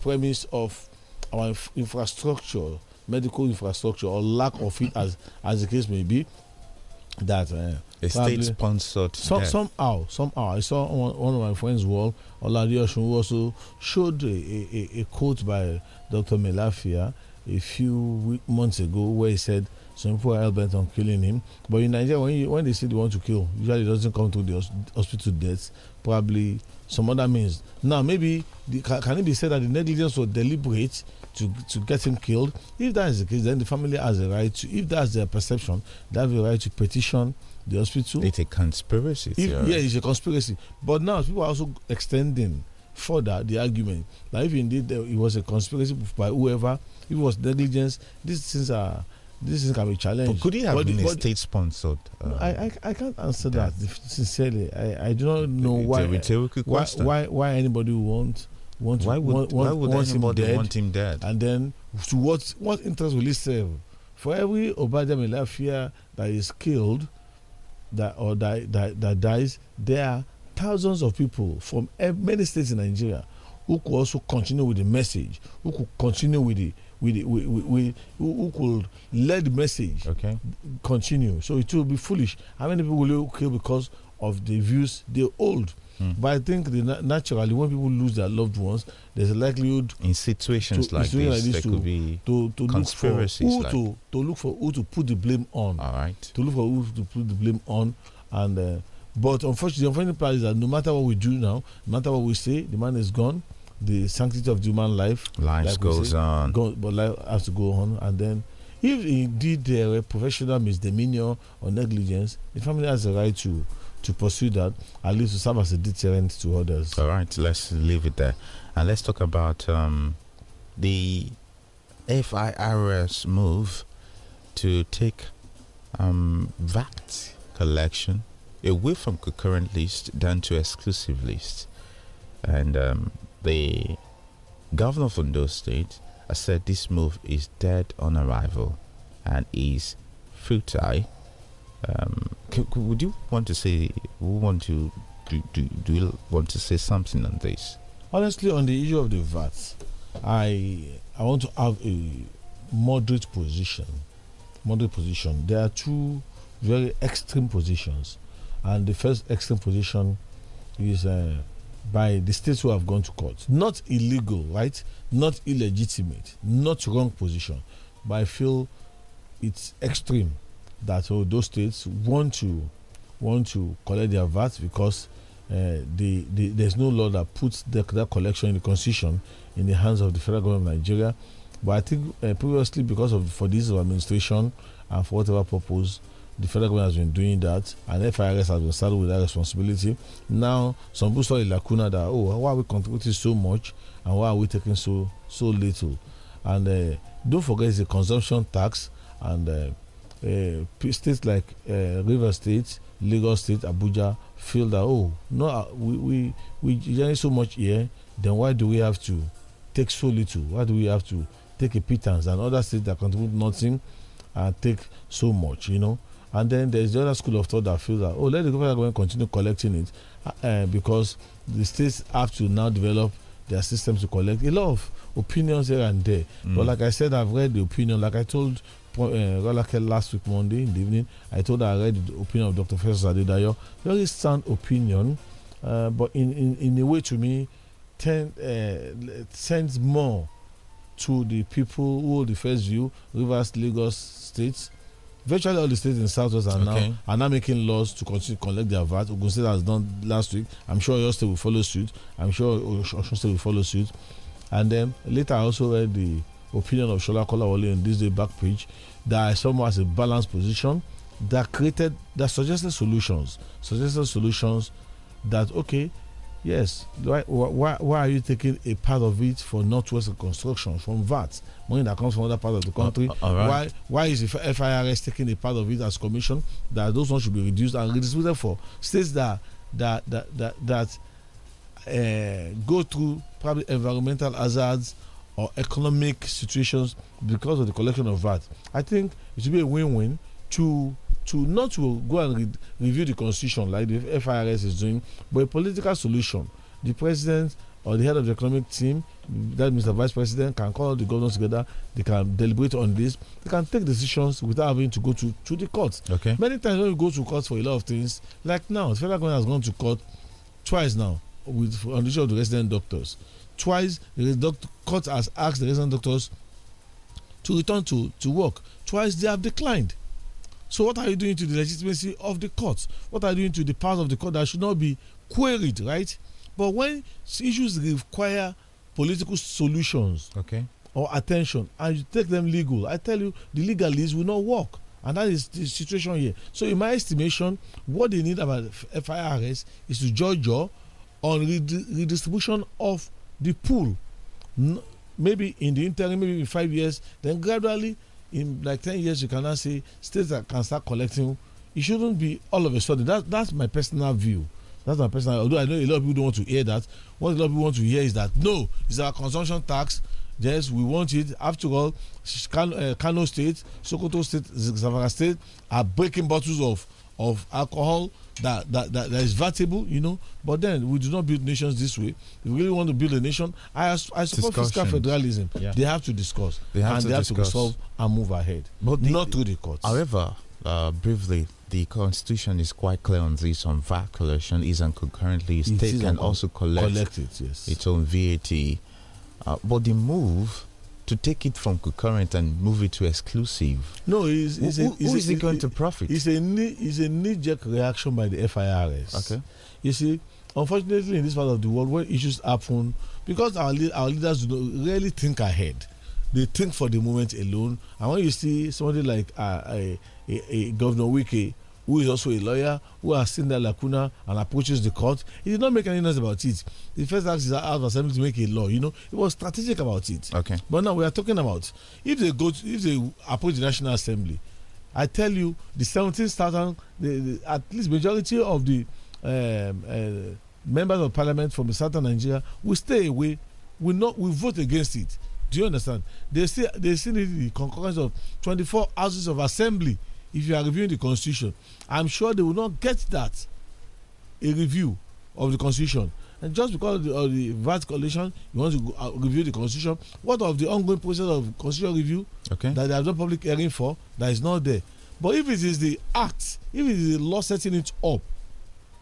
premise of our infrastructure, medical infrastructure, or lack of it, as as the case may be, that uh, a state sponsored so, somehow somehow I saw one of my friends' wall Oladiyoshun also showed a, a, a, quote by Dr. Melafia a few months ago where he said some people are hell-bent on killing him but in nigeria when you, when they say they want to kill usually it doesn't come to the hospital death probably some other means now maybe the, can it be said that the negligence was deliberate to to get him killed if that is the case then the family has a right to if that's their perception they have a right to petition the hospital it's a conspiracy if, yeah it's a conspiracy but now people are also extending further the argument that if indeed it was a conspiracy by whoever it was negligence these things are this is going to be a challenge. But could he have been what, state sponsored? Um, no, I, um, I, I can't answer that, that sincerely. I, I do not know why, why, why why anybody want want why would, want, why would want him dead, want him dead? And then to what what interest will he serve? For every Obadiah Lafia that is killed, that or die that that dies, there are thousands of people from many states in Nigeria who could also continue with the message, who could continue with the we we we who, could let the message okay. continue. So it will be foolish. How many people will you kill because of the views they hold? Mm. But I think the, naturally, when people lose their loved ones, there's a likelihood in situations to, like, in situations this, like this to, could be to, to look for who like to, to look for who to put the blame on. All right. To look for who to put the blame on, and uh, but unfortunately, the unfortunate part is that no matter what we do now, no matter what we say, the man is gone the sanctity of human life. Life like goes say, on. Go, but life has to go on. And then, if indeed there uh, were professional misdemeanor or negligence, the family has a right to to pursue that, at least to serve as a deterrent to others. All right, let's leave it there. And let's talk about um, the FIRS move to take um, VAT collection away from concurrent list down to exclusive list. And um, the governor from those states, has said this move is dead on arrival and is futile. Um, would you want to say? Want to do, do, do you want to say something on this? Honestly, on the issue of the VAT, I I want to have a moderate position. Moderate position. There are two very extreme positions, and the first extreme position is uh, by the states who have gone to court. Not illegal, right? Not illegitimate, not wrong position. But I feel it's extreme that oh, those states want to want to collect their VAT because uh, the, the, there's no law that puts the, that collection in the constitution in the hands of the federal government of Nigeria. But I think uh, previously, because of for this administration and for whatever purpose, the federal government has been doing that, and FIRS has been saddled with that responsibility. Now, some people saw a lacuna that, oh, why are we contributing so much and why are we taking so so little? And uh, don't forget, the consumption tax, and uh, uh, states like uh, River State, Lagos State, Abuja feel that, oh, no, uh, we, we, we generate so much here, then why do we have to take so little? Why do we have to take a pittance? And other states that contribute nothing and take so much, you know? And then there's the other school of thought that feels that, oh, let the government continue collecting it uh, uh, because the states have to now develop their systems to collect a lot of opinions here and there. Mm. But like I said, I've read the opinion. Like I told uh, Rolake last week, Monday in the evening, I told her I read the opinion of Dr. Fesor Adedayo. Very sound opinion, uh, but in, in, in a way to me, uh, sends uh, more to the people who hold the first view, Rivers, Lagos states, virtually all the states in Southwest are okay. now are now making laws to continue, collect their VAT. Ogun State has done last week. I'm sure your state will follow suit. I'm sure Osun State will follow suit. And then later, I also read the opinion of Shola Kolawole on this day back page that I as a balanced position that created that suggested solutions, suggested solutions that okay, yes, why why, why are you taking a part of it for Northwest construction from VAT? money that comes from other parts of the uh, country. Uh, Why why is the FIRS taking a part of it as commission that those ones should be reduced and redistributed for states that that that that, that uh, go through probably environmental hazards or economic situations because of the collection of VAT. I think it should be a win-win to to not to go and re review the constitution like the FIRS is doing, but a political solution. The president or the head of the economic team, that Mr. Vice President, can call the governors together. They can deliberate on this. They can take decisions without having to go to, to the court. Okay. Many times when you go to court for a lot of things, like now, the federal government has gone to court twice now with on the of the resident doctors. Twice, the doctor, court has asked the resident doctors to return to, to work. Twice, they have declined. So, what are you doing to the legitimacy of the court? What are you doing to the powers of the court that should not be queried, right? But when issues require political solutions okay. or attention and you take them legal, I tell you, the legalese will not work. And that is the situation here. So, in my estimation, what they need about FIRS is to judge on redistribution of the pool. maybe in the interim, maybe in five years, then gradually, in like 10 years, you cannot say states can start collecting. It shouldn't be all of a sudden. That, that's my personal view. That's my personal. Although I know a lot of people don't want to hear that. What a lot of people want to hear is that no, it's our consumption tax. Yes, we want it. After all, Kano, uh, State, Sokoto State, Zavara State are breaking bottles of of alcohol that, that that, that is valuable, you know. But then we do not build nations this way. If we really want to build a nation, I, I support fiscal federalism. Yeah. They have to discuss. They have and to they discuss. have to resolve and move ahead. But the, not through the courts. However, uh, briefly, the Constitution is quite clear on this on VAT collection is and concurrently state can also collect, collect it, yes. its own VAT. Uh, but the move to take it from concurrent and move it to exclusive. No, it's, it's who, a, it's who is a, it going to profit? It's a knee, it's a knee-jerk reaction by the FIRS. Okay, you see, unfortunately, in this part of the world, when issues happen, because our our leaders do not really think ahead, they think for the moment alone. And when you see somebody like uh, a, a, a Governor Wiki who is also a lawyer, who has seen that lacuna and approaches the court. He did not make any noise about it. The first act is out of assembly to make a law. You know, he was strategic about it. Okay. But now we are talking about if they go, to, if they approach the National Assembly, I tell you, the 17,000, the, the, at least majority of the um, uh, members of parliament from southern Nigeria will stay away. Will not will vote against it. Do you understand? They see they see the concurrence of 24 houses of assembly if you are reviewing the constitution i'm sure they will not get that a review of the constitution and just because of the, of the VAT you want to go, uh, review the constitution what of the ongoing process of constitutional review okay. that they have public hearing for that is not there but if it is the act if it is the law setting it up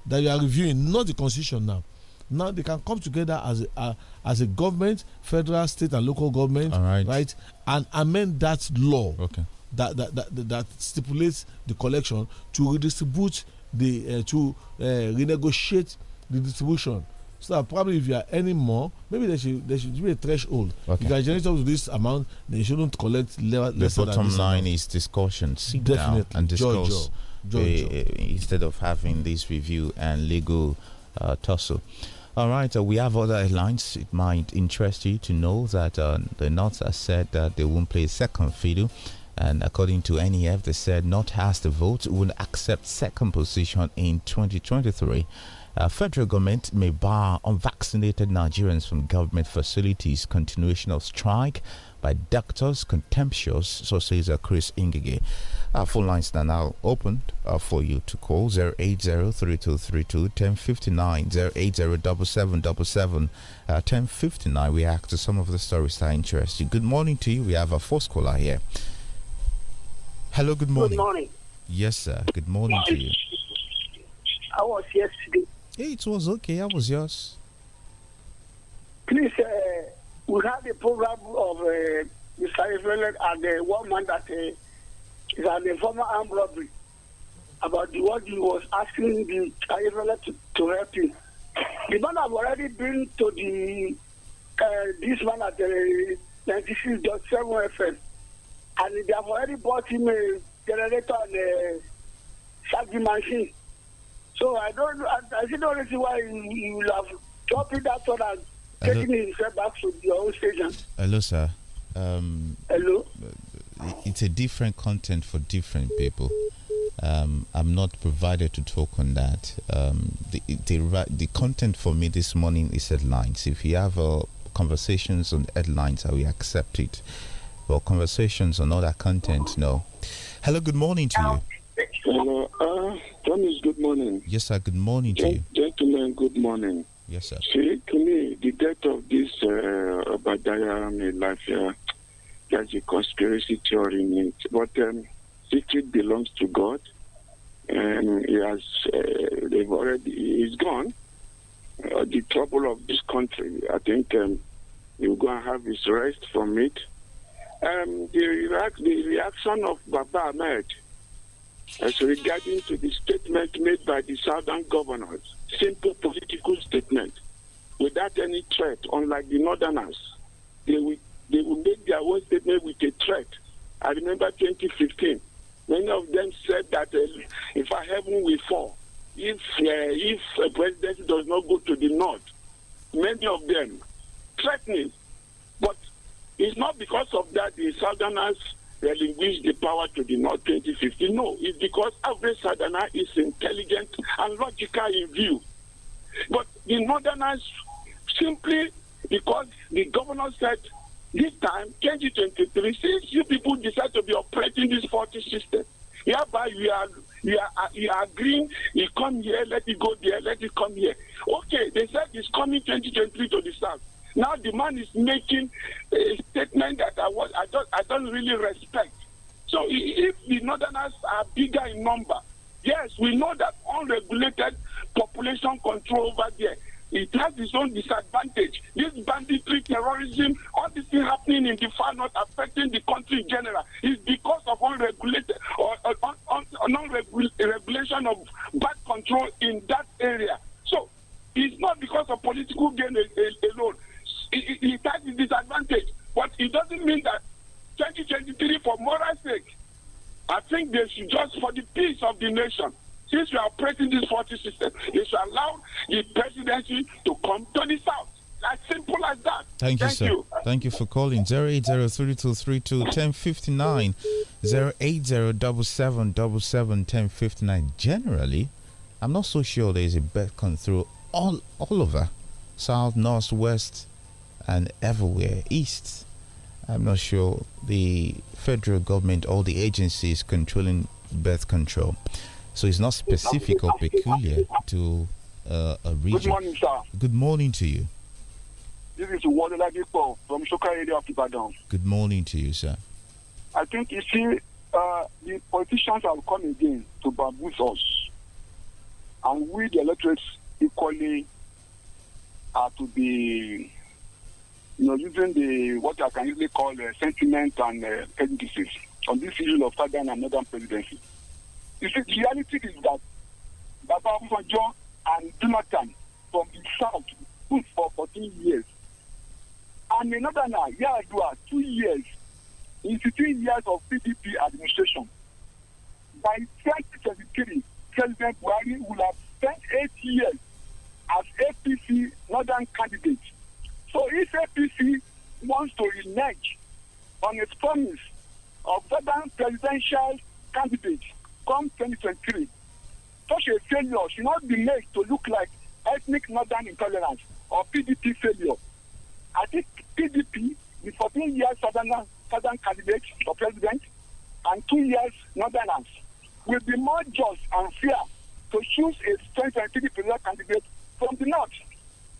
that you are reviewing not the constitution now now they can come together as a, uh, as a government federal state and local government right. right. and amend that law okay that that that, that stipulates the collection to redistribute the uh, to uh, renegotiate the distribution so that probably if you are earning more maybe there should there should be a threshold okay. you can generate up to this amount then you shouldn't collect le the bottom line amount. is discussion sit Definitely. down and discuss Uh, instead of having this review and legal uh, tussle all right, uh, we have other headlines. It might interest you to know that uh, the North has said that they won't play second fiddle and according to NEF, they said not has the vote will accept second position in 2023. Uh, federal government may bar unvaccinated Nigerians from government facilities. Continuation of strike by doctors contemptuous, so says uh, Chris Ingege. Our uh, phone lines are now open uh, for you to call 080-3232-1059, 80 1059 we act to some of the stories that interest you. Good morning to you. We have a first caller here. Hello, good morning. Good morning. Yes, sir. Good morning to you. I was yesterday. Hey, it was okay. I was yours. Please, uh, we had a program of uh, Mr. Evelyn and the uh, woman that uh, is an former armed robbery about the what he was asking the Evelyn to, to help him. The man have already been to the uh, this man at the uh, 96.7 FM and they have already bought him a generator and a charging machine. So I don't, I, I see no reason why he will have dropped that one and Hello. taking himself back to the old station. Hello, sir. Um, Hello. It's a different content for different people. Um, I'm not provided to talk on that. Um, the, the, the content for me this morning is headlines. If you have uh, conversations on headlines, I will accept it well, conversations and other content. No. Hello, good morning to you. Hello, uh, Thomas, good morning. Yes, sir, good morning to you. Gentlemen, good morning. Yes, sir. See, to me, the death of this uh, Obadiah Melafia, uh, there's a conspiracy theory in it. But um, secret belongs to God, and he has, uh, they've already, he's gone. Uh, the trouble of this country, I think um, he'll go have his rest from it um, the, the reaction of Baba Ahmed as regarding to the statement made by the southern governors, simple political statement, without any threat, unlike the northerners. They will, they will make their own statement with a threat. I remember 2015, many of them said that uh, if heaven will fall, if, uh, if a president does not go to the north, many of them threatening it's not because of that the Southerners relinquished the power to the North 2050. No, it's because every Southerner is intelligent and logical in view. But the Northerners simply because the governor said this time, 2023, since you people decide to be operating this 40 system, hereby we are you are you uh, are agreeing you come here let it go there let it come here okay they said it's coming 2023 to the south now the man is making a statement that I was I don't I don't really respect. So if the northerners are bigger in number, yes, we know that unregulated population control over there. It has its own disadvantage. This banditry, terrorism, all this thing happening in the far north affecting the country in general is because of unregulated or, non-regulation of bad control in that area. So it's not because of political gain alone. He it, that is disadvantage. But it doesn't mean that 2023, for moral sake, I think they should just, for the peace of the nation, since we are operating this 40 system, they should allow the presidency to come to the south. As simple as that. Thank, Thank you, sir. You. Thank you for calling. 08032321059, 08077771059. Generally, I'm not so sure there is a birth control all, all over, south, north, west, and everywhere east. I'm not sure the federal government, all the agencies controlling birth control. So it's not specific or peculiar to uh, a region. Good morning, sir. Good morning to you. This is Wodela Dipo from Shoka area of Ibadan. Good morning to you, sir. I think you see, uh, the politicians have come again to bamboozle us. And we, the electorates, equally are to be you know, using the what I can usually call uh, sentiment and uh, prejudices on this issue of southern and northern presidency. You see, the reality is that Baba Obasanjo and Jonathan from the south put for 14 years, and another now Yar'Adua two years in 15 years of PDP administration. By 2023, President Buhari will have spent eight years as APC northern candidate So if APC wants to renege on its promise of veteran presidential candidate come 2023, such a failure should not be made to look like ethnic northern intolerance or PDP failure. I think PDP, the 14 years southern, southern candidate for president and two years northerners, will be more just and fair to choose a 2023 presidential candidate from the north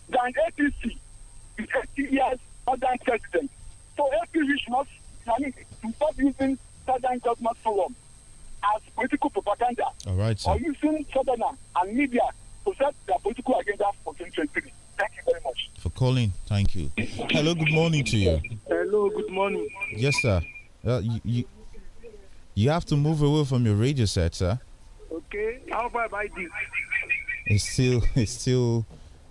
than APC is Nigeria's southern president. So FPV should not, I mean, to stop using southern government forum as political propaganda. All right, sir. Or using Sudan and media to set their political agenda for 2023. Thank you very much. For calling, thank you. Hello, good morning to you. Hello, good morning. Yes, sir. Uh, you, you, you have to move away from your radio set, sir. Okay, how about I do? It's still, it's still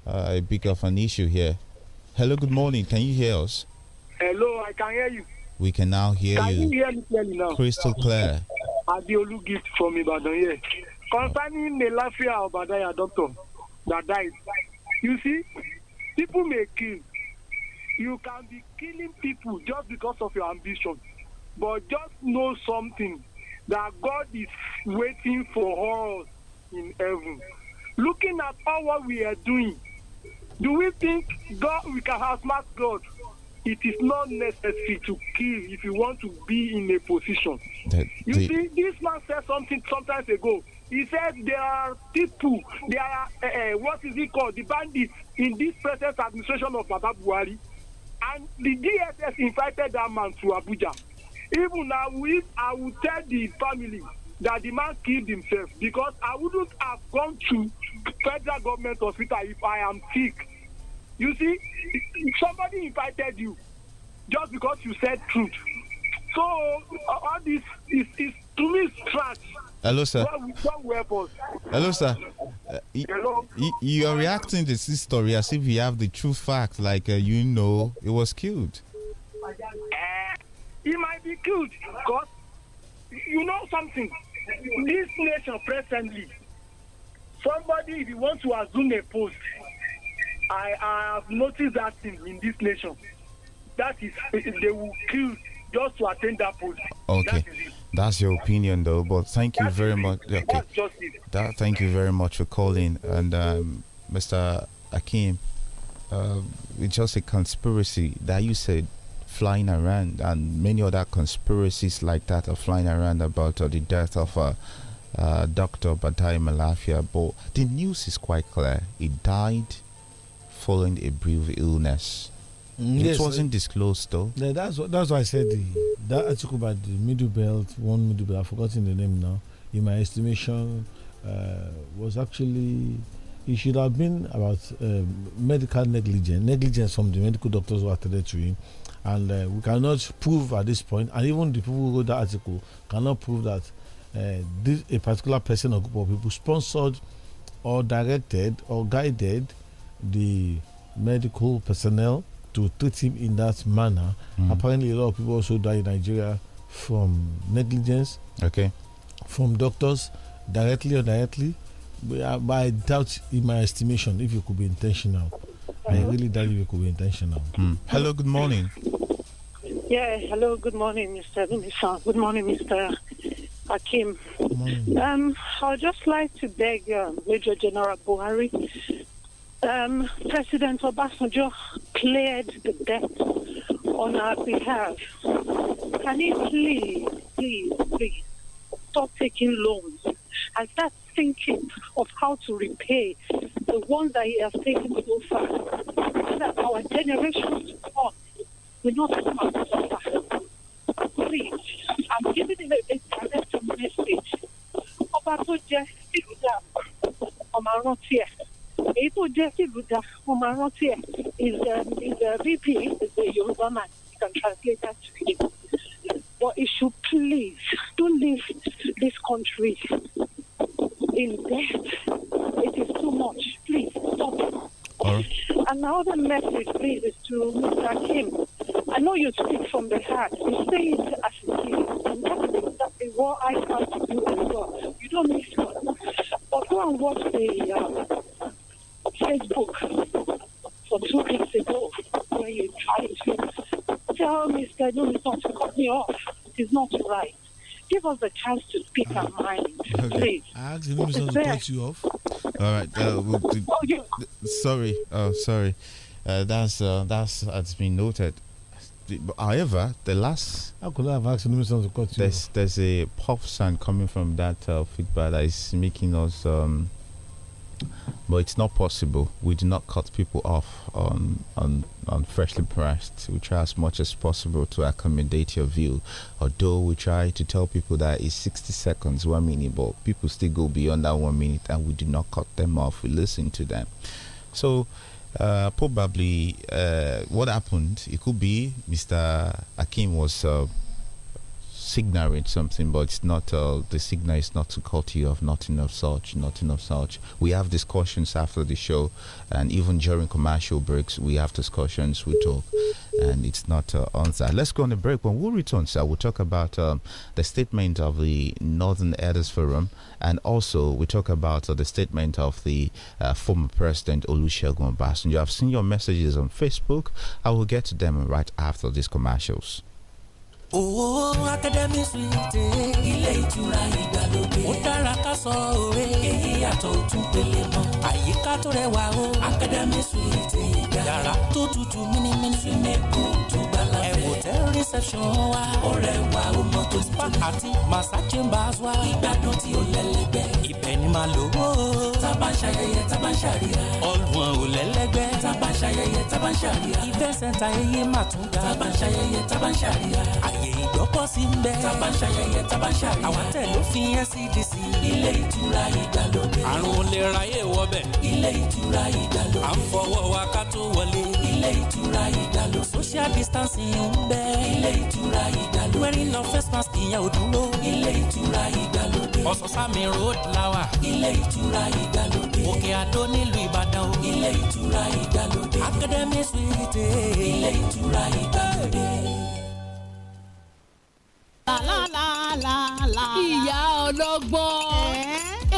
uh, a big of an issue here. Hello, good morning. Can you hear us? Hello, I can hear you. We can now hear can you. Can you hear me clearly now? Crystal clear. Adeolu gift from Ibadan here. Concerning the Lafia Obadaya doctor that died, you see, people may kill. You can be killing people just because of your ambition. But just know something that God is waiting for us in heaven. Looking at all what we are doing, Do we think God we can outsmart God? It is not necessary to kill if you want to be in a position. The, the, you see, this man said something sometimes ago. He said there are people, there are uh, what is it called, the bandits in this present administration of Baba and the DSS invited that man to Abuja. Even now, we, I will tell the family that the man killed himself because I wouldn't have gone to federal government hospital if I am sick. You see, somebody invited you just because you said truth. So uh, all this is, is to me trash. Hello, sir. Hello, sir. Uh, Hello. you are reacting to this story as if you have the true fact, like uh, you know it was killed. Uh, he might be killed because you know something this nation presently, somebody, if you want to assume a post, I, I have noticed that in, in this nation. That is, they will kill just to attain that post. Okay. That That's your opinion, though. But thank you very much. Okay. That, thank you very much for calling, and um, Mr. Akim. Uh, um, it's just a conspiracy that you said flying around, and many other conspiracies like that are flying around about uh, the death of uh, uh, Dr. Batai Malafia. But the news is quite clear he died following a brief illness. Mm, it yes, wasn't uh, disclosed though. Yeah, that's what that's why I said the, that article about the middle belt, one middle belt, I've forgotten the name now. In my estimation, uh, was actually it should have been about um, medical negligence, negligence from the medical doctors who attended to him, and uh, we cannot prove at this point and even the people who wrote that article cannot prove that uh, this a particular person or group of people sponsored or directed or guided the medical personnel to treat him in that manner. Mm. Apparently, a lot of people also die in Nigeria from negligence. Okay. From doctors, directly or directly. But I, uh, doubt, in my estimation, if it could be intentional. I really doubt you could be intentional. Mm. Hello, good morning. Yeah, hello, good morning, Mr. Minister. Good morning, Mr. Hakim. Um, I'd just like to beg uh, Major General Buhari. Um, President Obasanjo cleared the debt on our behalf. Can he please, please, please stop taking loans? As that thinking of how to repay the ones that he has taken so far. that our generations to come will not come out of suffer. Please, I'm giving him a, a direct message. Ọba Jesse jẹ́ ìlú dà Jesse arántí ẹ̀. is the VP is the Yoruba man. You can translate that to him. But it should please don't leave this country in debt. It is too much. Please stop And now the message, please, is to Mr. Kim. I know you speak from the heart. You say it as it is. And that is exactly what I have to do as well. You don't need to. But go and watch the um, Facebook from two weeks ago where you tried to tell Mr. Jones not to cut me off. It's not right give us a chance to speak our mind, please. I asked him to cut you off. All right. Uh, we'll, we'll, oh, yeah. Sorry. Oh, sorry. Uh, that's uh, that's has been noted. However, the last I could have asked him to cut you. There's there's a puff sound coming from that uh, feedback that is making us um, but it's not possible. We do not cut people off on on on freshly priced. We try as much as possible to accommodate your view. Although we try to tell people that it's 60 seconds, one minute, but people still go beyond that one minute, and we do not cut them off. We listen to them. So. Uh, probably uh, what happened, it could be Mr. Akim was uh, signaling something, but it's not uh, the signal is not to cut you off, nothing of such, nothing of such. We have discussions after the show, and even during commercial breaks, we have discussions, we talk, and it's not uh, that. Let's go on a break. When we return, sir, we'll talk about um, the statement of the Northern Elders Forum, and also we talk about uh, the statement of the uh, former President Olusegun Obasanjo. I've seen your messages on Facebook. I will get to them right after these commercials. Owó Akademi Suite. Ilé ìtura ìgbàlódé. Ó dára ká sọ òwe. Èyí yàtọ̀ òtún pele mọ́. Àyíká tó rẹwà o. Akademi Suite ìgbà. Yàrá tó tutù mímímí. Súnmẹ́kù tó gbala fẹ́. Hotel reception wa. Ọ̀rẹ́ wa ó mọ tó ti tó. Àti Massa Chambers wa. Ìgbádùn tí ó lẹ́lẹ́gbẹ́. Ibẹ̀ ni màá lò ó. Tábà ń ṣayẹyẹ, tábà ń ṣàríyá. Ọlùwọ̀n ò lẹ́lẹ́gbẹ́. Tábà ń ṣayẹyẹ, tábà ń ṣàríyá. Ìfẹ́ sẹ́ńtà ẹyẹ mà tún ga. Tábà ń ṣayẹyẹ, tábà ń ṣàríyá ààyè ìgbọ́kọ̀sí ń bẹ. tá a bá ń ṣayẹyẹ tá a bá ń ṣàríyá. àwọn tẹ̀ ló fi NCDC. E ilé ìtura ìdàlódé. àrùn olè ráyè wọbẹ̀. ilé ìtura ìdàlódé. à ń fọwọ́ wa ká tó wọlé. ilé ìtura ìdàlódé. social distancing ń bẹ. ilé ìtura ìdàlódé. wearing of face mask ìyẹn ò dúró. ilé ìtura ìdàlódé. ọ̀sánsámi road lawa. ilé ìtura ìdàlódé. òkè àdó nílùú ìbàdàn o. ilé ìtura ìdàlódé. academy suite. ilé ìtura ìdàlódé. La la la la ìyá ọlọ́gbọ́n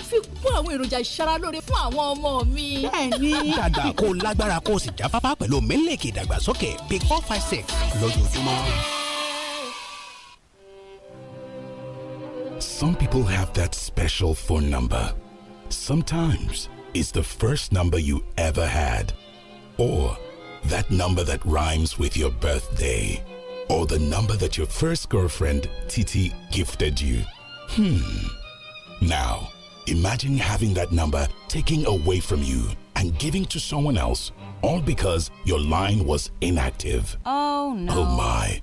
fi kún àwọn èròjà fún àwọn ọmọ mi. bẹ́ẹ̀ni dàgbà kó lágbára kó pẹ̀lú mílíkì ìdàgbàsókè big four five six lójoojúmọ́. Some people have that special phone number. Sometimes it's the first number you ever had, or that number that rhymes with your birthday, or the number that your first girlfriend, Titi, gifted you. Hmm. Now, Imagine having that number taken away from you and giving to someone else, all because your line was inactive. Oh no. Oh my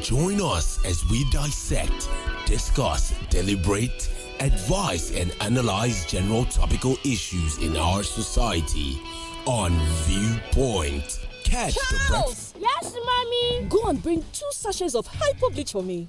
Join us as we dissect, discuss, deliberate, advise, and analyze general topical issues in our society on Viewpoint. Catch Charles! the breakfast. Yes, mommy. Go and bring two sachets of hypo bleach for me.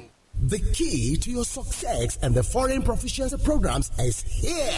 The key to your success and the foreign proficiency programs is here.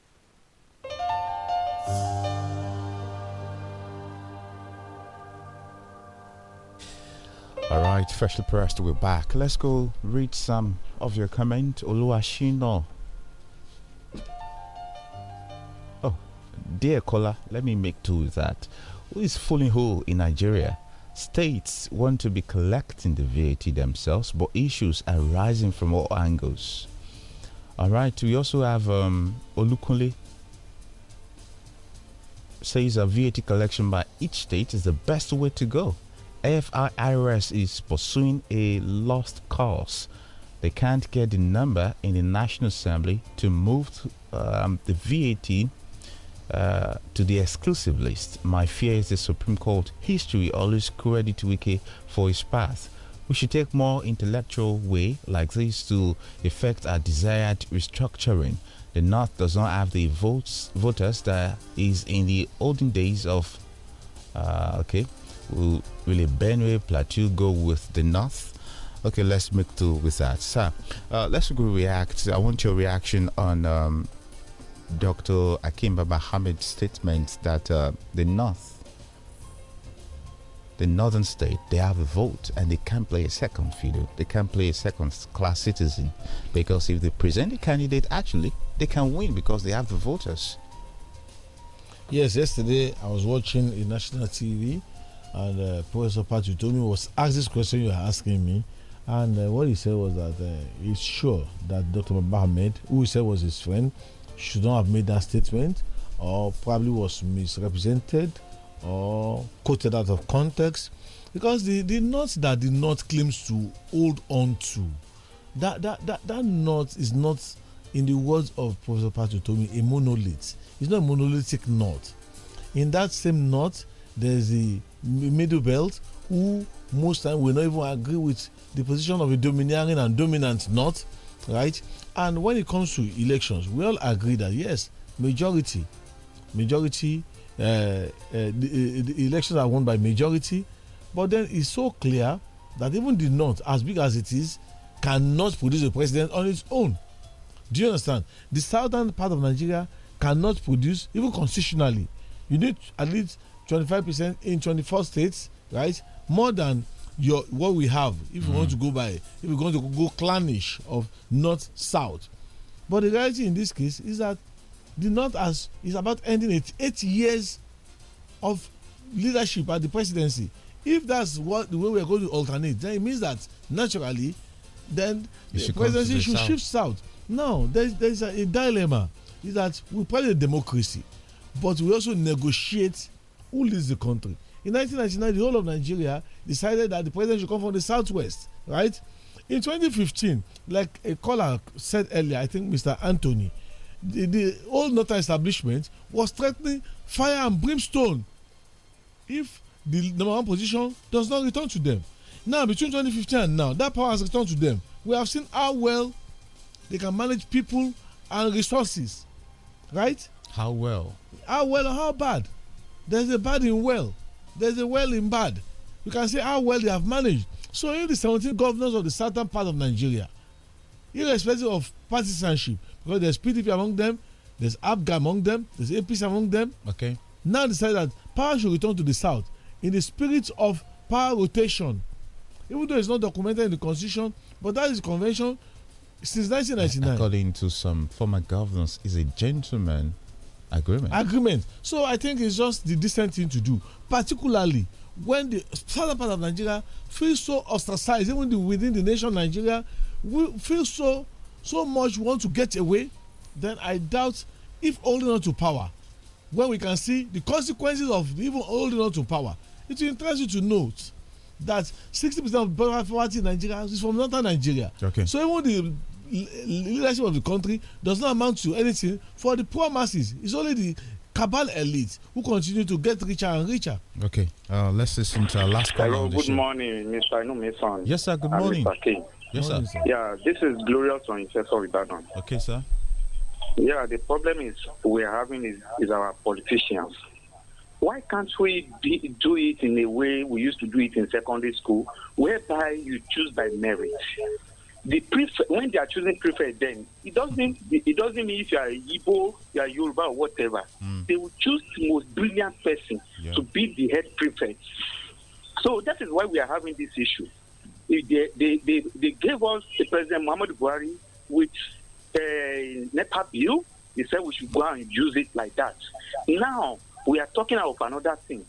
All right, freshly pressed, we're back. Let's go read some of your comment. Oluwashino. Oh, dear caller, let me make two with that. Who is fooling who in Nigeria? States want to be collecting the VAT themselves, but issues are rising from all angles. All right, we also have um, Olukunle says a VAT collection by each state is the best way to go. AFI is pursuing a lost cause. They can't get the number in the National Assembly to move um, the VAT uh, to the exclusive list. My fear is the Supreme Court history always credit Wiki for his path. We should take more intellectual way like this to effect our desired restructuring. The North does not have the votes voters that is in the olden days of. Uh, okay, will, will Benue Plateau go with the North? Okay, let's make do with that. So, uh, let's go react. I want your reaction on um, Dr. Akimba Mohammed's statement that uh, the North, the Northern state, they have a vote and they can't play a second fiddle. They can't play a second class citizen because if they present a candidate, actually, they can win because they have the voters. Yes, yesterday I was watching a national TV, and uh, Professor told me, was asked this question you are asking me, and uh, what he said was that uh, he's sure that Dr. Mohammed, who he said was his friend, should not have made that statement, or probably was misrepresented, or quoted out of context, because the the knot that the knot claims to hold on to, that that that that knot is not in the words of Professor me, a monolith. It's not a monolithic knot. In that same knot, there's the middle belt who most time will not even agree with the position of a domineering and dominant knot, right? And when it comes to elections, we all agree that yes, majority, majority, uh, uh, the, uh, the elections are won by majority. But then it's so clear that even the knot, as big as it is, cannot produce a president on its own do you understand? The southern part of Nigeria cannot produce even constitutionally. You need at least 25% in 24 states, right? More than your what we have if mm. we want to go by if we're going to go clannish of north south. But the reality in this case is that the north has is about ending it eight years of leadership at the presidency. If that's what the way we are going to alternate, then it means that naturally, then you the presidency should south. shift south. Now, there's, there's a, a dilemma is that we pride a democracy, but we also negotiate who leads the country. In 1999, the whole of Nigeria decided that the president should come from the southwest, right? In 2015, like a caller said earlier, I think Mr. Anthony, the, the whole northern establishment was threatening fire and brimstone if the number one position does not return to them. Now, between 2015 and now, that power has returned to them. We have seen how well they can manage people and resources right how well how well or how bad there's a bad in well there's a well in bad you can see how well they have managed so in the 17 governors of the southern part of nigeria irrespective of partisanship because there's pdp among them there's abga among them there's apc among them okay now decide that power should return to the south in the spirit of power rotation even though it's not documented in the constitution but that is convention since 1999. According to some former governors, is a gentleman agreement. Agreement. So I think it's just the decent thing to do, particularly when the southern part of Nigeria feels so ostracized, even the, within the nation Nigeria, we feel so so much want to get away. Then I doubt if holding on to power, when we can see the consequences of even holding on to power. It interesting you to note that 60% of poverty in Nigeria is from northern Nigeria. Okay. So even the leadership of the country does not amount to anything for the poor masses. It's only the cabal elite who continue to get richer and richer. Okay, uh, let's listen to our last caller. Hello, good show. morning, Mr. Inumisan. Yes, sir, good morning. Mr. King. Yes, sir. Morning, sir. Yeah, this is Glorious on Intercessor Ibadan. Okay, sir. Yeah, the problem is we're having is, is our politicians. Why can't we do it in a way we used to do it in secondary school, whereby you choose by merit? the prefect, when they are choosing prefect, then it doesn't it doesn't mean if you are Igbo, you are Yoruba, or whatever. Mm. They will choose the most brilliant person yeah. to be the head prefect. So that is why we are having this issue. They, they, they, they gave us the President Muhammad Buhari with a uh, NEPA bill. They said we should go and use it like that. Now we are talking of another thing.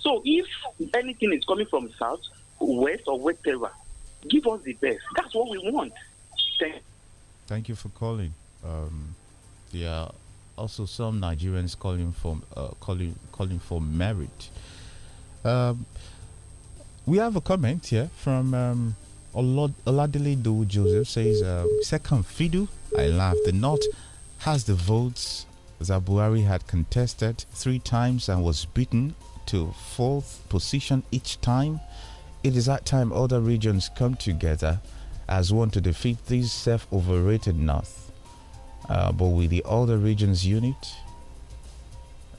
So if anything is coming from South, West, or whatever, Give us the best. That's what we want. Thank, Thank you for calling. Um, there are also some Nigerians calling for uh, calling calling for merit. Um, we have a comment here from um, Oladele Do Joseph says, uh, Second Fidu, I laughed. The North has the votes Zabuari had contested three times and was beaten to fourth position each time. It is that time other regions come together as one to defeat this self overrated North. Uh, but with the other regions unit,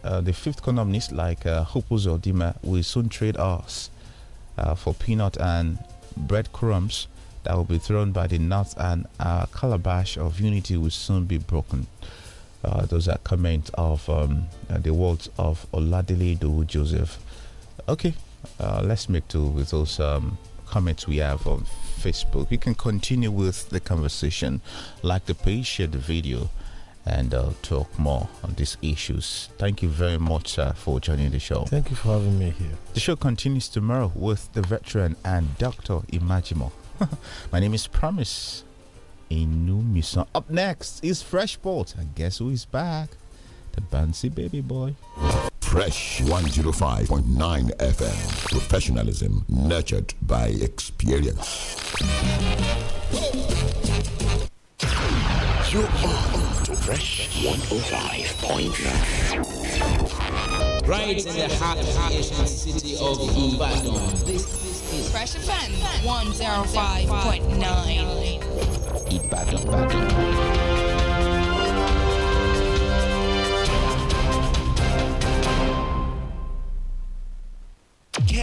uh, the fifth columnist like uh, Hopus or Dima will soon trade us uh, for peanut and breadcrumbs that will be thrown by the North and our calabash of unity will soon be broken. Uh, those are comments of um, uh, the words of Oladele Joseph. Okay, uh, let's make do with those um, comments we have on Facebook. You can continue with the conversation, like the page, share the video, and uh, talk more on these issues. Thank you very much, for joining the show. Thank you for having me here. The show continues tomorrow with the veteran and Dr. Imajimo. My name is Promise. A new mission. Up next is Freshport. And guess who is back? The bouncy baby boy. Fresh 105.9 FM. Professionalism nurtured by experience. You are on to Fresh 105.9. Right in the heart of the city of Ibadan. This is Fresh Offense 105.9. Ibadan. Ibadan.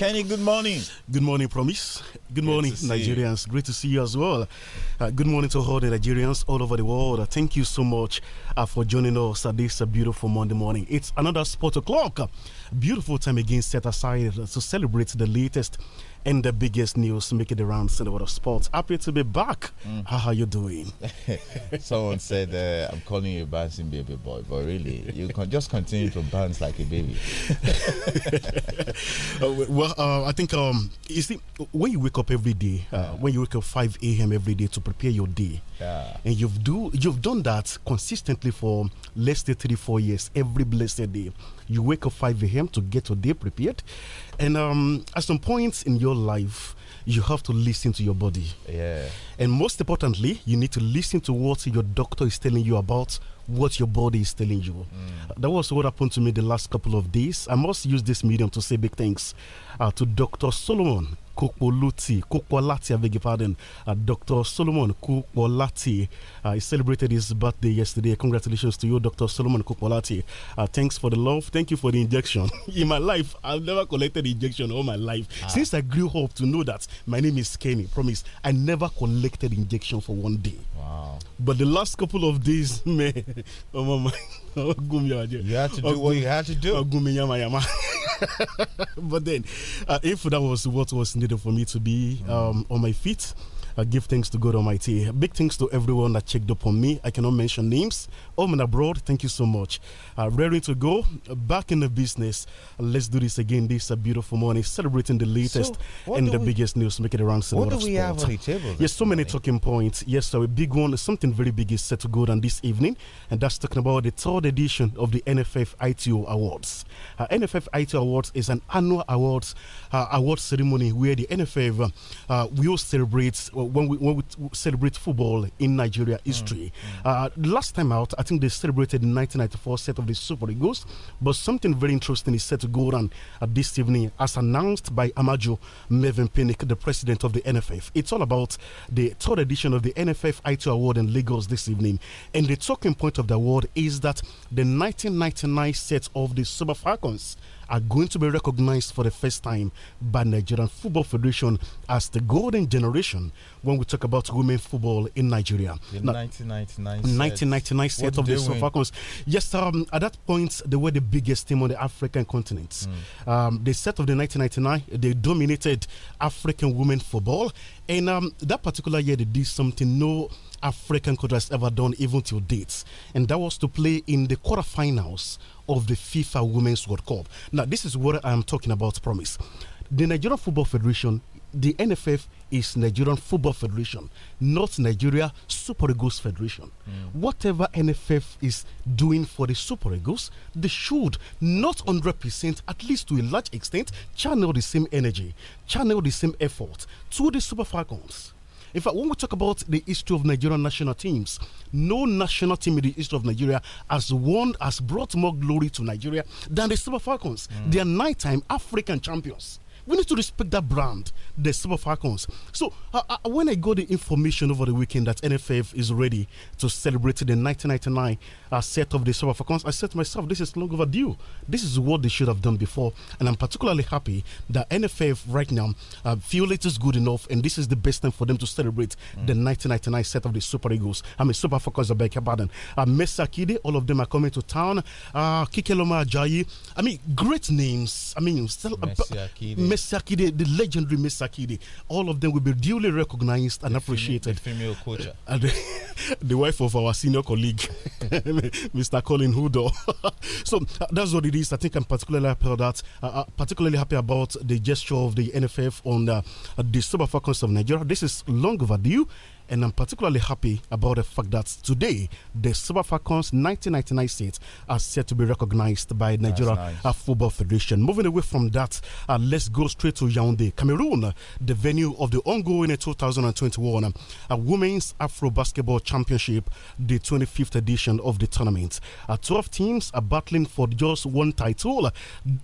Kenny, good morning. Good morning, Promise. Good morning, Nigerians. You. Great to see you as well. Uh, good morning to all the Nigerians all over the world. Uh, thank you so much uh, for joining us uh, this beautiful Monday morning. It's another sport o'clock. Uh, beautiful time again set aside uh, to celebrate the latest and the biggest news making the rounds in the world of sports. Happy to be back. Mm. How are you doing? Someone said, uh, I'm calling you bouncing baby boy, but really, you can just continue to bounce like a baby. uh, well, uh, I think, um, you see, when you wake up every day, uh, yeah. when you wake up 5 a.m. every day to prepare your day, yeah. and you've, do, you've done that consistently for, let's say, three, four years, every blessed day you wake up 5 a.m. to get your day prepared. And um, at some points in your life, you have to listen to your body. Yeah. And most importantly, you need to listen to what your doctor is telling you about what your body is telling you. Mm. That was what happened to me the last couple of days. I must use this medium to say big thanks uh, to Dr. Solomon Kokoluti, Kokolati, I beg your pardon, uh, Dr. Solomon Kokolati Uh, he celebrated his birthday yesterday. Congratulations to you, Dr. Solomon Kokolati. Uh, thanks for the love. Thank you for the injection. in my life, I've never collected injection all my life. Ah. Since I grew up to know that my name is Kenny, promise, I never collected injection for one day. Wow. But the last couple of days, man, oh my you had to do what you had to do. but then, uh, if that was what was needed for me to be um, on my feet, I give thanks to God Almighty. Big thanks to everyone that checked up on me. I cannot mention names. Home and abroad, thank you so much. Uh, ready to go, back in the business. Let's do this again. This is a beautiful morning, celebrating the latest so and the we, biggest news, make it around the What do we have on the table? Yes, so morning. many talking points. Yes, so a big one, something very big is set to go on this evening, and that's talking about the third edition of the NFF ITO Awards. Uh, NFF ITO Awards is an annual awards uh, award ceremony where the NFF uh, will celebrate uh, when we when we celebrate football in Nigeria mm. history. Mm. Uh, last time out, I think they celebrated the 1994 set of the Super Eagles. But something very interesting is set to go on uh, this evening, as announced by Amajo Mevin Pinnick, the president of the NFF. It's all about the third edition of the NFF IT Award in Lagos this evening, and the talking point of the award is that the 1999 set of the Super Falcons are going to be recognized for the first time by Nigerian Football Federation as the golden generation when we talk about women football in Nigeria. The 1999 1999 set of the Sofacons. Yes, um, at that point, they were the biggest team on the African continent. Mm. Um, the set of the 1999, they dominated African women football and um, that particular year, they did something no African country has ever done, even till date. And that was to play in the quarterfinals of the FIFA Women's World Cup. Now, this is what I'm talking about, promise. The Nigerian Football Federation the NFF is Nigerian Football Federation, not Nigeria Super Eagles Federation. Mm. Whatever NFF is doing for the Super Eagles, they should not 100%, at least to a large extent, channel the same energy, channel the same effort to the Super Falcons. In fact, when we talk about the history of Nigerian national teams, no national team in the history of Nigeria has won, has brought more glory to Nigeria than the Super Falcons. Mm. They are nine time African champions. We need to respect that brand, the Super Falcons. So uh, uh, when I got the information over the weekend that NFF is ready to celebrate the 1999 uh, set of the Super Falcons, I said to myself, this is long overdue. This is what they should have done before, and I'm particularly happy that NFF right now uh, feel it is good enough, and this is the best time for them to celebrate mm. the 1999 set of the Super Eagles. I mean Super Falcons, are back here, pardon. Uh, Mesa Kide, all of them are coming to town. Uh, Kikeloma Ajayi, I mean great names. I mean, still, uh, Messi Mesakide, the legendary Mesakide, all of them will be duly recognized and the appreciated. Female, female coach. And the, the, wife of our senior colleague, Mr. Colin Hudo. so uh, that's what it is. I think I'm particularly happy about uh, uh, particularly happy about the gesture of the NFF on uh, the Super Falcons of Nigeria. This is long overdue. And I'm particularly happy about the fact that today the Super Falcons 1999 state are set to be recognized by Nigeria nice. Football Federation. Moving away from that, uh, let's go straight to Yaoundé, Cameroon, the venue of the ongoing 2021 uh, Women's Afro Basketball Championship, the 25th edition of the tournament. Uh, 12 teams are battling for just one title,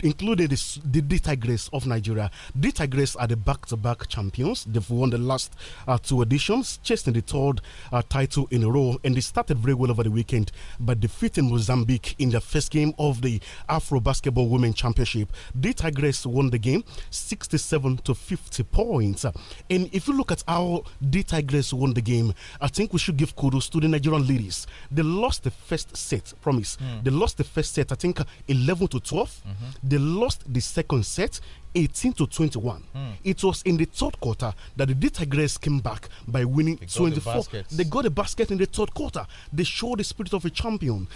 including the, the, the Tigress of Nigeria. The Tigress are the back to back champions. They've won the last uh, two editions. Manchester the third uh, title in a row, and they started very well over the weekend by defeating Mozambique in the first game of the Afro Basketball Women Championship. The Tigress won the game 67 to 50 points. And if you look at how the Tigress won the game, I think we should give kudos to the Nigerian ladies. They lost the first set, promise. Mm. They lost the first set, I think 11 to 12. Mm -hmm. They lost the second set. 18 to 21. Mm. It was in the third quarter that the Tigers came back by winning they 24. The they got a basket in the third quarter. They showed the spirit of a champion.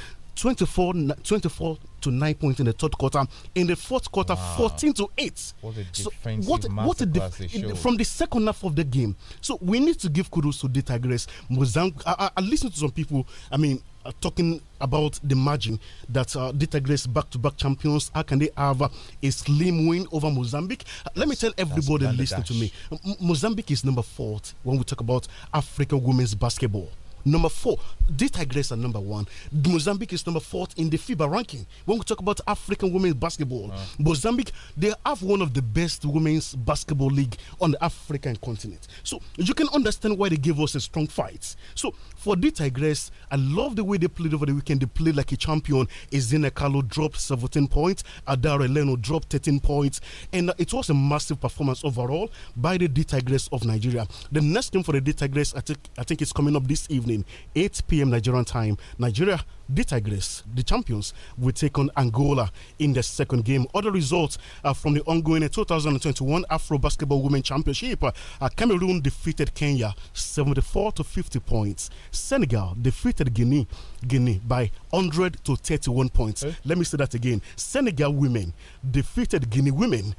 24, 24 to 9 points in the third quarter. In the fourth quarter, wow. 14 to 8. What a so what, what a From the second half of the game. So we need to give kudos to the Tigers. Mozambique, I, I, I listened to some people, I mean, uh, talking about the margin that uh, the Tigers back-to-back champions, how can they have uh, a slim win over Mozambique? Uh, let me tell everybody listening to me, M Mozambique is number four when we talk about African women's basketball. Number four, data Grace are number one. Mozambique is number fourth in the FIBA ranking. When we talk about African women's basketball, Mozambique they have one of the best women's basketball league on the African continent. So you can understand why they gave us a strong fight. So for the Tigress, I love the way they played over the weekend. They played like a champion. Izina Carlo dropped 17 points. Adara Leno dropped 13 points. And uh, it was a massive performance overall by the D Tigress of Nigeria. The next game for the D Tigress, I think, I think it's coming up this evening, 8 p.m p.m. Nigerian time. Nigeria, the Tigers, the champions, will take on Angola in the second game. Other results uh, from the ongoing 2021 Afro Basketball Women Championship: uh, Cameroon defeated Kenya 74 to 50 points. Senegal defeated Guinea, Guinea by 100 to 31 points. Eh? Let me say that again: Senegal women defeated Guinea women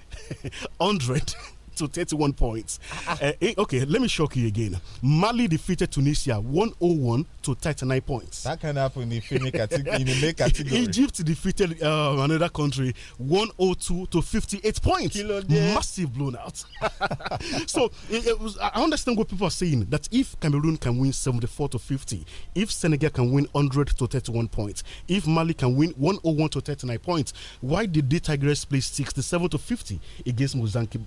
100. to 31 points. Uh, okay, let me shock you again. Mali defeated Tunisia 101 to 39 points. That can happen if in the make category. Egypt defeated uh, another country 102 to 58 points. Massive blown out. so it, eh, it was, I understand what people are saying that if Cameroon can win 74 to 50, if Senegal can win 100 to 31 points, if Mali can win 101 to 39 points, why did the Tigers play 67 to 50 against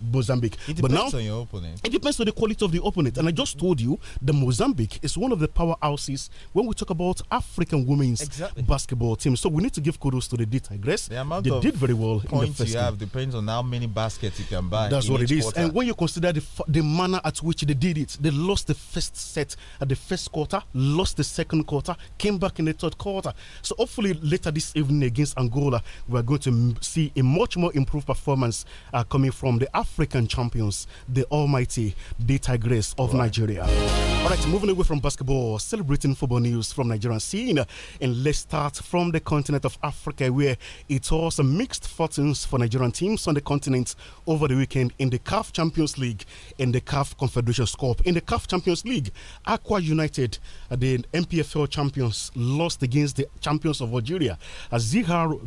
Mozambique? It depends now, on your opponent. It depends on the quality of the opponent. And I just told you the Mozambique is one of the powerhouses when we talk about African women's exactly. basketball team. So we need to give kudos to the D The amount they did very well. Points you game. have depends on how many baskets you can buy. That's what it is. Quarter. And when you consider the the manner at which they did it, they lost the first set at the first quarter, lost the second quarter, came back in the third quarter. So hopefully later this evening against Angola, we are going to see a much more improved performance uh, coming from the African champion champions, the almighty, the Tigress of right. Nigeria. All right, moving away from basketball, celebrating football news from Nigerian scene. And let's start from the continent of Africa, where it was a mixed fortunes for Nigerian teams on the continent over the weekend in the CAF Champions League and the CAF Confederation Cup. In the CAF Champions League, Aqua United, uh, the MPFL champions, lost against the champions of Algeria. Uh, Zihar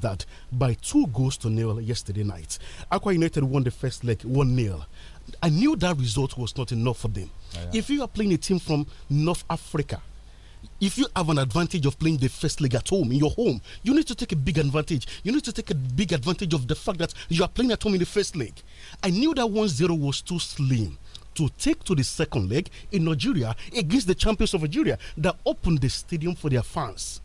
that by two goals to nil yesterday night. Aqua United won the first leg. 1 0. I knew that result was not enough for them. Yeah. If you are playing a team from North Africa, if you have an advantage of playing the first leg at home in your home, you need to take a big advantage. You need to take a big advantage of the fact that you are playing at home in the first leg. I knew that 1 0 was too slim to take to the second leg in Nigeria against the champions of Nigeria that opened the stadium for their fans.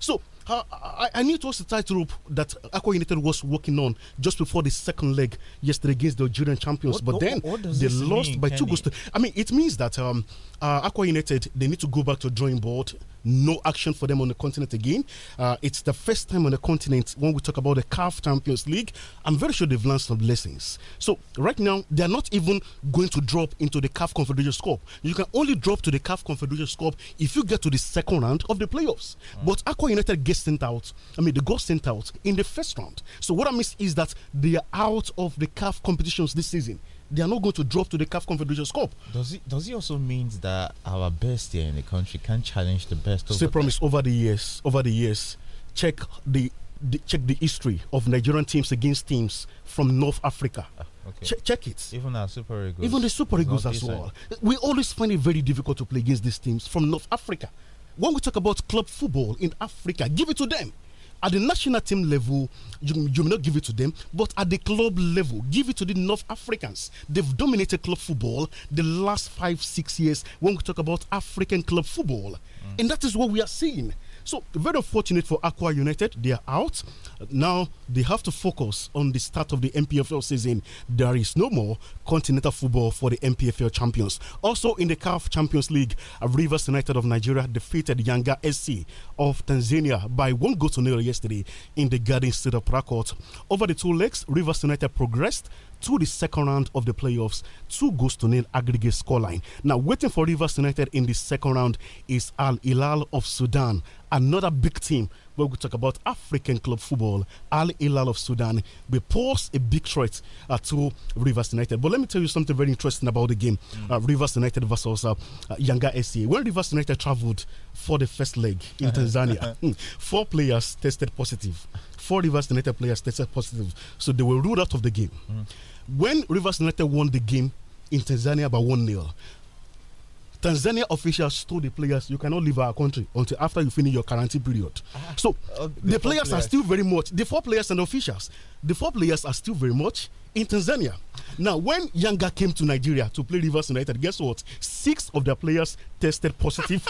So I, I, knew it was the tightrope that Aqua United was working on just before the second leg yesterday against the Algerian champions. What, but what, then what they lost mean, by two goals. I mean, it means that um, uh, Aqua United they need to go back to drawing board no action for them on the continent again. Uh, it's the first time on the continent when we talk about the CAF Champions League. I'm very sure they've learned some lessons. So right now, they're not even going to drop into the CAF Confederation Cup. You can only drop to the CAF Confederation Cup if you get to the second round of the playoffs. Mm. But Aqua United gets sent out. I mean, they got sent out in the first round. So what I miss is that they are out of the CAF competitions this season they are not going to drop to the CAF Confederation Cup. Does it does it also mean that our best here in the country can challenge the best? Stay promise over the years, over the years, check the, the, check the history of Nigerian teams against teams from North Africa. Ah, okay. check it. Even our Super Eagles. Even the Super Eagles as well. We always find it very difficult to play against these teams from North Africa. When we talk about club football in Africa, give it to them. At the national team level, you, you may not give it to them, but at the club level, give it to the North Africans. They've dominated club football the last five, six years when we talk about African club football. Mm. And that is what we are seeing. So very fortunate for Aqua United. They are out. Now they have to focus on the start of the MPFL season. There is no more continental football for the MPFL champions. Also in the CAF Champions League, Rivers United of Nigeria defeated Yanga SC of Tanzania by one goal to nil yesterday in the Garden State of Prakot. Over the two legs, Rivers United progressed to the second round of the playoffs, two goals to nil aggregate scoreline. Now waiting for Rivers United in the second round is Al Hilal of Sudan Another big team where we talk about African club football, Al Hilal of Sudan, we pose a big threat uh, to Rivers United. But let me tell you something very interesting about the game mm. uh, Rivers United versus uh, uh Yanga When Rivers United traveled for the first leg in uh-huh. Tanzania, uh-huh. four players tested positive. Four Rivers United players tested positive. So they were ruled out of the game. Mm. When Rivers United won the game in Tanzania by 1 0, Tanzania officials told the players, you cannot leave our country until after you finish your quarantine period. Ah, so uh, the, the players, players, are still very much, the four players and officials, the four players are still very much in Tanzania. Now, when Yanga came to Nigeria to play Rivers United, guess what? Six of their players tested positive.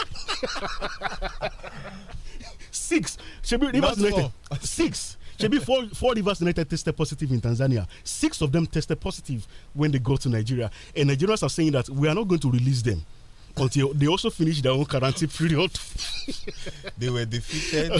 six. Rivers United. Six. Shebi four, four Rivers United tested positive in Tanzania. Six of them tested positive when they got to Nigeria. And Nigerians are saying that we are not going to release them until they also finished their own quarantine period. they were defeated.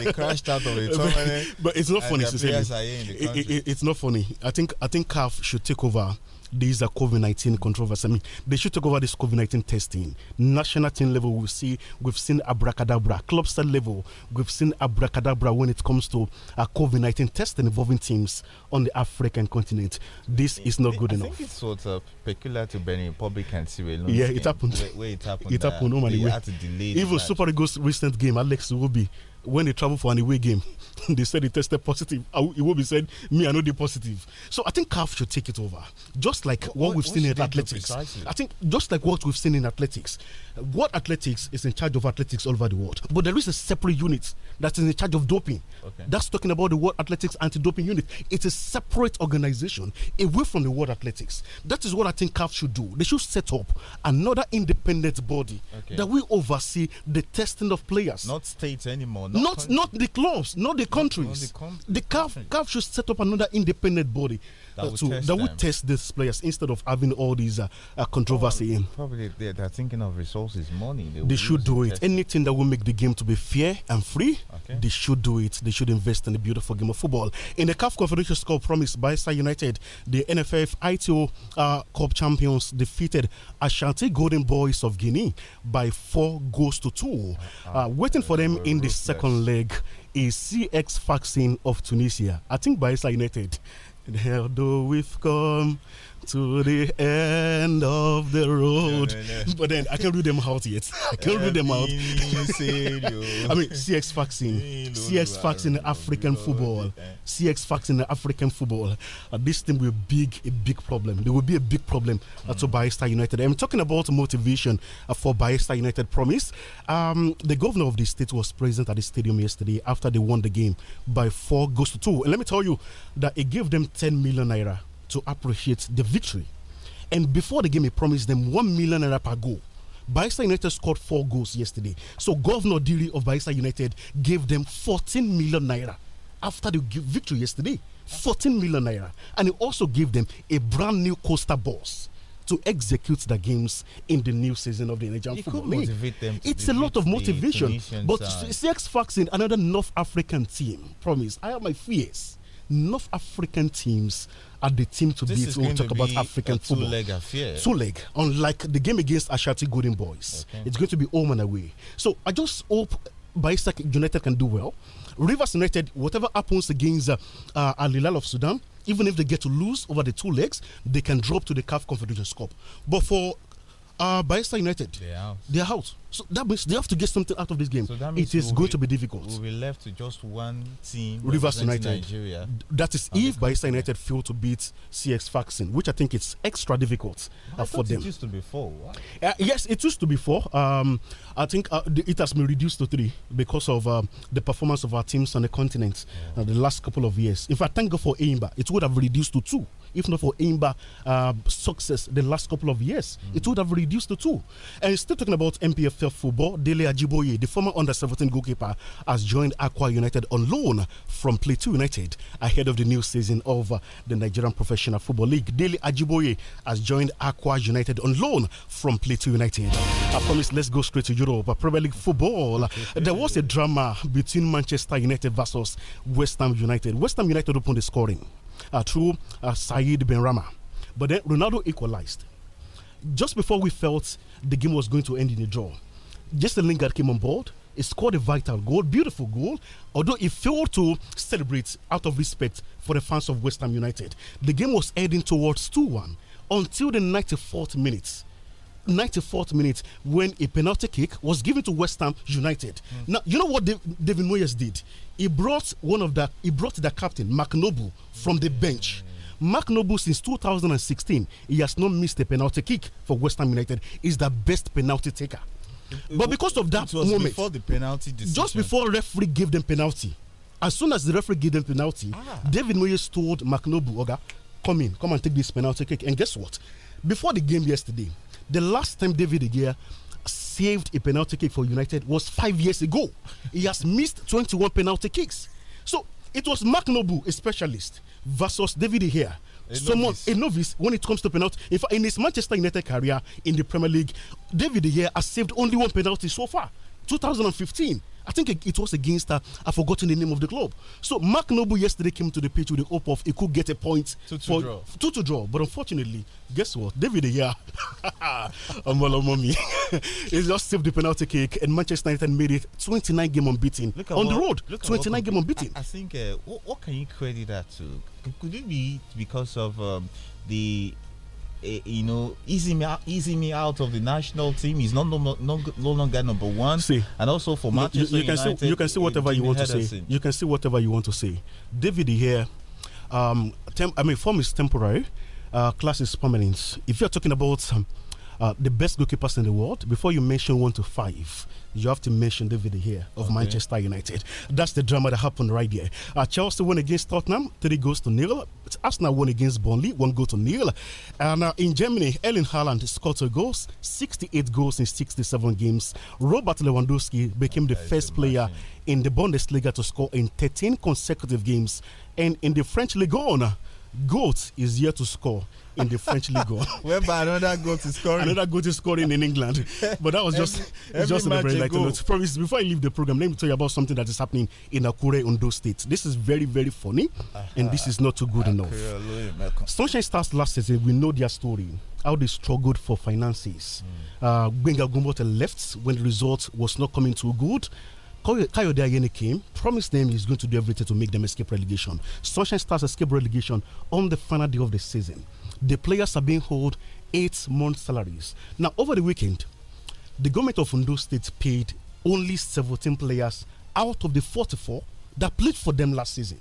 They crashed out of it. tournament. But, it's not funny. It, it, it's not funny. I think I think CAF should take over these are COVID 19 controversy. I mean, they should take over this COVID 19 testing. National team level, we see, we've seen abracadabra. Clubster level, we've seen abracadabra when it comes to uh, COVID 19 testing involving teams on the African continent. This is not good I enough. I think it's sort of peculiar to Benin Republic and Sierra Leone. Yeah, it happened. Where, where, it happened. It happened. Uh, no, We had to delay Even Super Eagles' recent game, Alex Wobi, when they travel for an away game they said he tested positive. It will be said, me, I know they positive. So I think CAF should take it over. Just like what, what we've what seen in athletics. I think just like what we've seen in athletics. What athletics is in charge of athletics all over the world. But there is a separate unit that is in charge of doping. Okay. That's talking about the World Athletics Anti-Doping Unit. It's a separate organization away from the World Athletics. That is what I think CAF should do. They should set up another independent body okay. that will oversee the testing of players. Not states anymore. Not not, not the clubs, not the countries. The CAF, CAF should set up another independent body that, uh, will, to, test test these players instead of having all these uh, uh, controversy. probably they're, they're, thinking of resources, money. They, they should do it. Anything that will make the game to be fair and free, okay. they should do it. They should invest in the beautiful game of football. In the CAF Confederation Cup promised by Star United, the NFF ITO uh, Cup champions defeated Ashanti Golden Boys of Guinea by four goals to two. Ah, uh, waiting for ah, them in the second leg a CX vaccine of Tunisia. I think by United. Although we've come to the end of the road. But then I can't read them out yet. I can't read them out. I mean, CX faxing, CX faxing African football, CX faxing African football. Uh, this thing will be big, a big problem. There will be a big problem uh, to mm. Barista United. I'm talking about motivation uh, for Barista United promise. Um, the governor of the state was present at the stadium yesterday after they won the game by four goals to two. And let me tell you that it gave them 10 million naira to appreciate the victory. And before the game, he promised them 1 million naira per goal. Barista United scored four goals yesterday. So Governor Diri of Barista United gave them 14 million naira after the victory yesterday. 14 million naira. And he also gave them a brand new coaster boss to execute the games in the new season of the Nigerian Football League. it's a lot of motivation. but side. CX Faxing, another North African team, promise. I have my fears North African teams are the team to this beat when we talk about African football. Two leg affair. Two leg, unlike the game against Ashanti Golden Boys. Okay. It's going to be home and away. So I just hope Baisa United can do well. Rivers United, whatever happens against uh, uh, Al Hilal of Sudan, even if they get to lose over the two legs, they can drop to the CAF Confederation Cup. But for uh, Barista United. Their house. So that means they have to get something out of this game. So it means it is going be, to be difficult. We'll be left to just one team. Rivers United. Nigeria. That is if Barista United fail to beat CX Faxon, which I think is extra difficult uh, for them. It used to be four. Uh, yes, it used to be four. Um, I think uh, it has been reduced to three because of um, the performance of our teams on the continent yeah. Uh, the last couple of years. If I thank God for Aimba, it would have reduced to two if not for Imba uh, success the last couple of years. Mm. It would have reduced to two. And still talking about MPFL football, Dele Ajiboye, the former under 17 goalkeeper, has joined Aqua United on loan from Plateau United ahead of the new season of uh, the Nigerian Professional Football League. Dele Ajiboye has joined Aqua United on loan from Plateau United. I promise let's go straight to Europe. Uh, Premier League football. Uh, there was a drama between Manchester United versus West Ham United. West Ham United opened the scoring through uh, Saeed Rama. But then Ronaldo equalized. Just before we felt the game was going to end in a draw, a Lingard came on board. He scored a vital goal, beautiful goal, although he failed to celebrate out of respect for the fans of West Ham United. The game was heading towards 2 1 until the 94th minute. 94th minute when a penalty kick was given to West Ham United. Mm. Now, you know what David Moyes did? He brought one of the he brought the captain, Mark Noble, from the bench. Mark Noble since 2016, he has not missed a penalty kick for West Ham United. He's the best penalty taker. but because of that moment, before the penalty decision. just before referee gave them penalty, as soon as the referee gave them penalty, ah. David Moyes told Mark Noble, "Oga, come in, come and take this penalty kick." And guess what? Before the game yesterday, the last time David De Gea saved a penalty kick for United was five years ago. he has missed 21 penalty kicks. So it was Mark Noble, a specialist, versus David De Gea. A Someone, novice. a novice, when it comes to penalty. In fact, in his Manchester United career in the Premier League, David De Gea has saved only one penalty so far, 2015. I think it, was against, I've forgotten the name of the club. So Mark Noble yesterday came to the pitch with the hope of he could get a point. Two to for, draw. Two to draw. But unfortunately, guess what? David here, Amolomami, he just saved the penalty kick and Manchester United made it 29 game unbeaten. Look on what, the road, look 29 game unbeaten. I, I think, uh, what, what, can you credit that to? Could it be because of um, the Eh, you know, easing me out, easing me out of the national team. He's not no, no, no longer number one. See, and also for Manchester you, you can United, see, you can see eh, whatever you want Henderson. to say. You can see whatever you want to say. David here, um, I mean, form is temporary. Uh, class is permanent. If you're talking about um, uh, the best goalkeepers in the world, before you mention one to five, you have to mention David here of okay. Manchester United. That's the drama that happened right there. Uh, Chelsea won against Tottenham, three goals to nil. Arsenal won against Burnley, one goal to nil. And uh, in Germany, Erling Haaland scored two goals, 68 goals in 67 games. Robert Lewandowski became the first player in the Bundesliga to score in 13 consecutive games. And in the French Ligue 1, GOAT is here to score in the French League Whereby another goal to scoring. Another goal to scoring in England. But that was just every, just every a very light note. Promise, before I leave the program, let me tell you about something that is happening in Akure Undo State. This is very, very funny, uh -huh. and this is not too good enough. Sunshine Stars last season, we know their story how they struggled for finances. Mm. Uh, Gumbote left when the result was not coming too good. Kayode Ayene came, promised them he's going to do everything to make them escape relegation. Sunshine Stars escape relegation on the final day of the season the players are being owed eight months' salaries. Now, over the weekend, the government of Undo State paid only 17 players out of the 44 that played for them last season.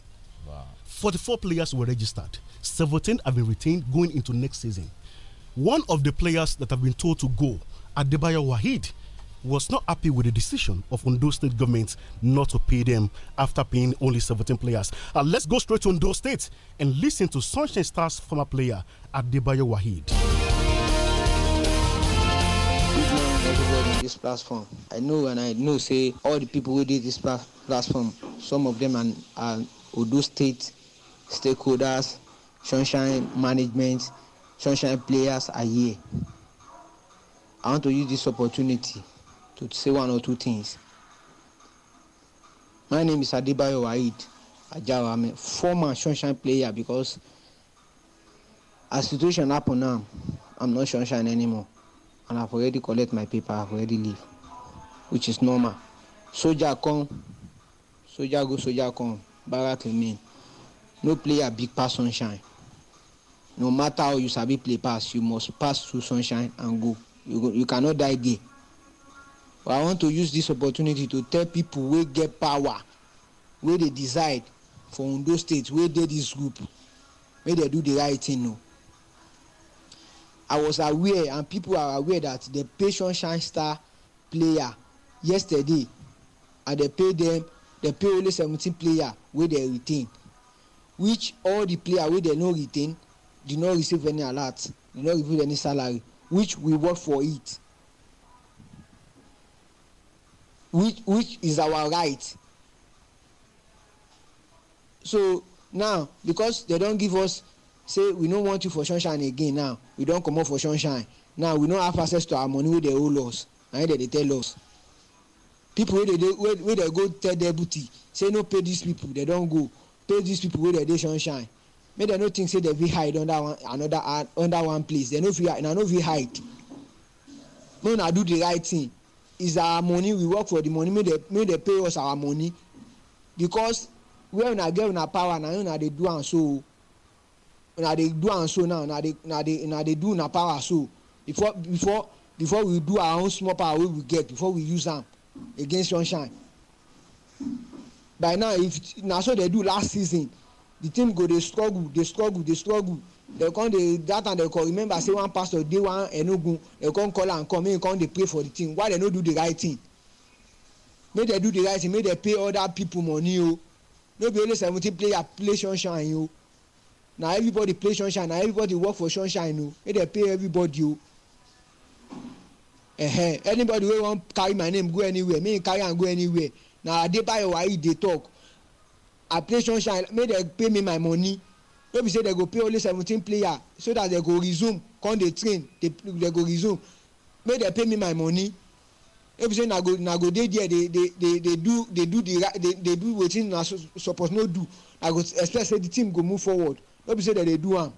Wow. 44 players were registered, 17 have been retained going into next season. One of the players that have been told to go, Adebayo Wahid, was not happy with the decision of Ondo State government not to pay them after paying only 17 players. Uh, let's go straight to Ondo State and listen to Sunshine Stars former player Adebayo Wahid. Good morning, everybody, on this platform. I know and I know, say, all the people who did this platform, some of them are, are Odo State stakeholders, Sunshine management, Sunshine players are here. I want to use this opportunity to say one or two things. My name is Adibayo Waheed Ajawa. I'm a former Sunshine player because as situation happen now, I'm not Sunshine anymore and I've already collect my paper, I've already leave, which is normal. Soja come, soja go, soja come, barrack remain. No player big pass Sunshine. No matter how you sabi play pass, you must pass through Sunshine and go. You, go, you cannot die gay i want to use this opportunity to tell people wey get power wey dey decide for ondo state wey dey dis group make dem do the right thing o i was aware and people are aware that the patient shine star player yesterday and dem pay dem dem pay only seventeen player wey dem retain which all the player wey dem no retain dey no receive any alert dey no receive any salary which we work for it which which is our right so now because they don give us say we no want you for sunshine again now we don comot for sunshine now we no have access to our money wey dey owe us na im dem dey tell us people wey dey dey wey dey go tell deputy say no pay these people dem don go pay these people wey dey dey sunshine make dem no think say dem fit hide under one another under one place dem no fit na no fit hide make una do the right thing is our money we work for the money make dem make dem pay us our money because where una get una power na una dey do am so una dey do am so now una dey una dey una dey do una power so before before before we do our own small power wey we get before we use am against sunshine by now if na so they do last season the team go dey struggle dey struggle dey struggle dem come dey that time dem come remember say one pastor dey one enugu dem come call am come make him come dey pray for the thing why dem no do the right thing make dem do the right thing make dem pay other people money o oh. no be only seventeen player play sunshine o oh. na everybody play sunshine na everybody work for sunshine o oh. make dem pay everybody o uh-huh. anybody wey wan carry my name go anywhere make him carry am go anywhere na adebayo wahi dey talk i play sunshine make dem pay me my money no be say dem go play only seventeen players, so that they go resume come dey train they they go resume make they pay me my money no be say na go na go dey there dey dey dey do dey do the right dey do wetin una suppose no do i go expect say the team go move forward no be say dem dey do am.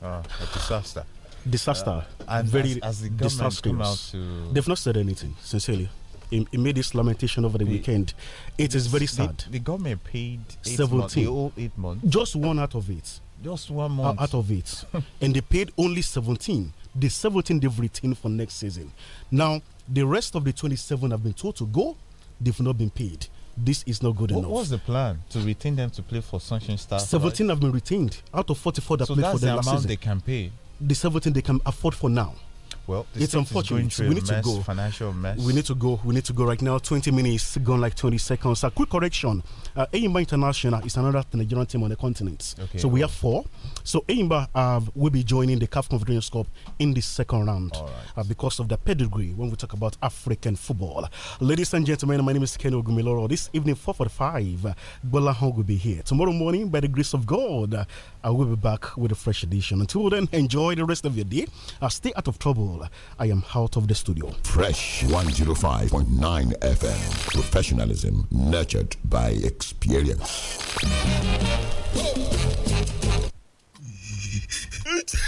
Uh, a disaster. Disaster. Uh, and very as, as the disastrous. Come out to... They've not said anything, sincerely. he, he made this lamentation over the, the weekend. It is very sad. The, the government paid eight 17 months, eight months. Just one out of it. Just one uh, month. Out of it. and they paid only 17. The 17 they've retained for next season. Now, the rest of the 27 have been told to go. They've not been paid. This is not good what enough. What was the plan to retain them to play for Sunshine Stars? 17 right? have been retained out of 44 that so played for them the last season. they can pay. The 17 they can afford for now. Well, it's unfortunate. we need mess, to go. Financial mess. We need to go. We need to go right now. 20 minutes gone, like 20 seconds. A quick correction. Uh, Aimba International is another Nigerian team on the continent. Okay, so we have four. So Aimba uh, will be joining the CAF Confederation Cup in the second round right. uh, because of the pedigree when we talk about African football. Ladies and gentlemen, my name is Kenny Ogumiloro. This evening, 4:45, Gola Hong will be here. Tomorrow morning, by the grace of God, I will be back with a fresh edition. Until then, enjoy the rest of your day. Uh, stay out of trouble call, I am out of the studio. Fresh 105.9 FM. Professionalism nurtured by experience.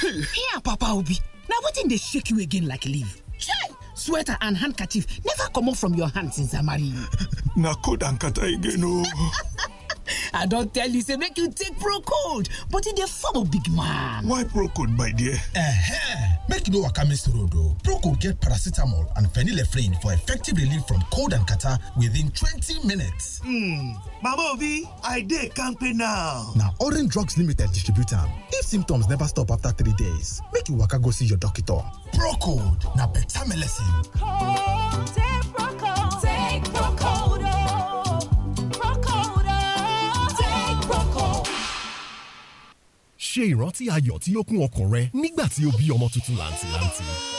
Here, Papa Obi. Now, what in they shake you again like leave? Chai! Sweater and handkerchief never come off from your hands since I married you. Nakud and kata again, oh. i don't tell you say make you take Procode, but in the form of big man why Procode, my dear? eh make you no waka miss road o oh. Procode get paracetamol and phenylephrine for effective relief from cold and catarrh within 20 minutes hmm mama obi i dey kampe now Now orange drugs limited Distributor. if symptoms never stop after three days make you waka go see your doctor procold na beta melecine ṣe ìrántí ayọ̀ tí ó kún ọkàn rẹ nígbà tí o bí ọmọ tuntun làǹtìlanti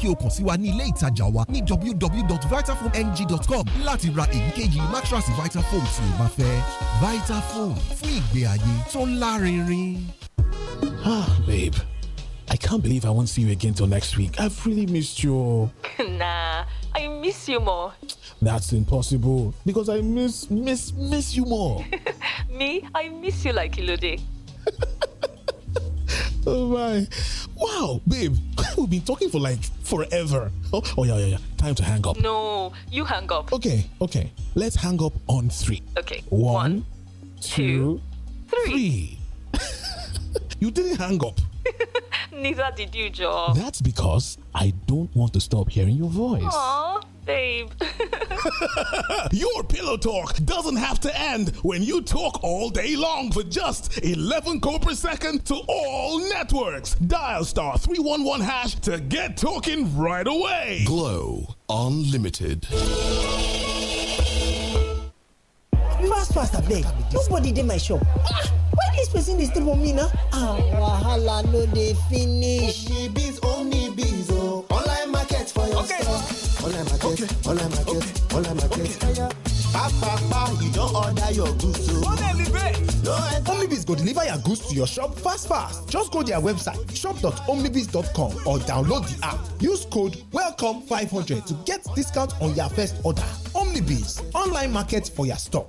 kí o kàn sí wa ní ilé ìtajà wa ní www.vitafoamng.com láti ra èyíkéyìí mattress Vitafoam tí o bá fẹ́ Vitafoam fún ìgbé ayé tó lárinrin. Ah, babe. I can't believe I won't see you again till next week. I've really missed you. nah, I miss you more. That's impossible because I miss, miss, miss you more. Me, I miss you like Ilode. Oh my. Wow, babe. We've been talking for like forever. Oh, oh yeah, yeah, yeah. Time to hang up. No, you hang up. Okay, okay. Let's hang up on three. Okay. One, One two, two, three. three. you didn't hang up. Neither did you, Joe. That's because I don't want to stop hearing your voice. Aww, babe. your pillow talk doesn't have to end when you talk all day long for just 11 co per second to all networks. Dial star 311 hash to get talking right away. Glow Unlimited fast fast abeg nobody dey my shop ah why dis person dey step on me na ah wahala no dey finish. omibiz omibiz o online market for your okay. store online market okay. online market okay. online market. Okay. Papa, you don't order your goods to. Oh. Go deliver. No enter. Eh. Omnibis go deliver your goods to your shop fast fast. Just go their website shop.omnibis.com or download the app. Use code WELCOME500 to get discount on your first order. OmniBiz online market for your store.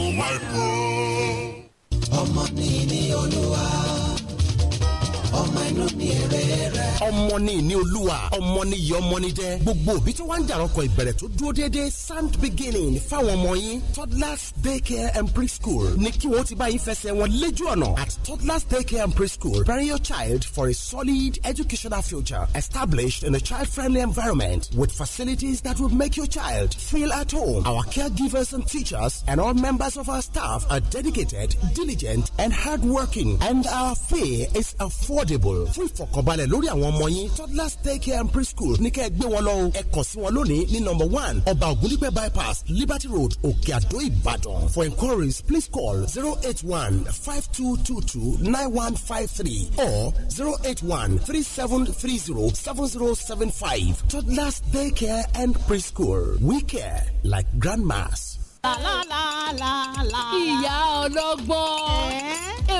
mú wáìpù. ọmọ mi ni olúwa ọmọ inú mi èrè rẹ̀. ọmọ ni ìní olúwa ọmọ ni ìyá ọmọ ni jẹ́ gbogbo òbí tó wá ń jàrọ̀kọ̀ ìbẹ̀rẹ̀ tó dúró déédéé sand beginning fáwọn ọmọ yín toddlers daycare and preschool ní kí wọ́n ti bá yín fẹsẹ̀ wọn lójú ọ̀nà at toddlers daycare and preschool preparing your child for a solid educational future established in a child-friendly environment with facilities that will make your child feel at home. Our caregivers and teachers and all members of our staff are dedicated, diligent, and hardworking, and our fee is affordable affordable fún ìfọ̀kànbalẹ̀ lórí àwọn ọmọ yín toddlers daycare and preschool ní kẹ́ ẹ gbé wọn lọ o ẹ kàn sí wọn lónìí ní number one ọba ògúndípẹ̀ bypass liberty road òkè àdó ìbàdàn for inquiries please call zero eight one five two two two nine one five three or zero eight one three seven three zero seven zero seven five toddlers daycare and preschool we care like grandmas. La la la la la. Ìyá ọlọ́gbọ́n. Eh?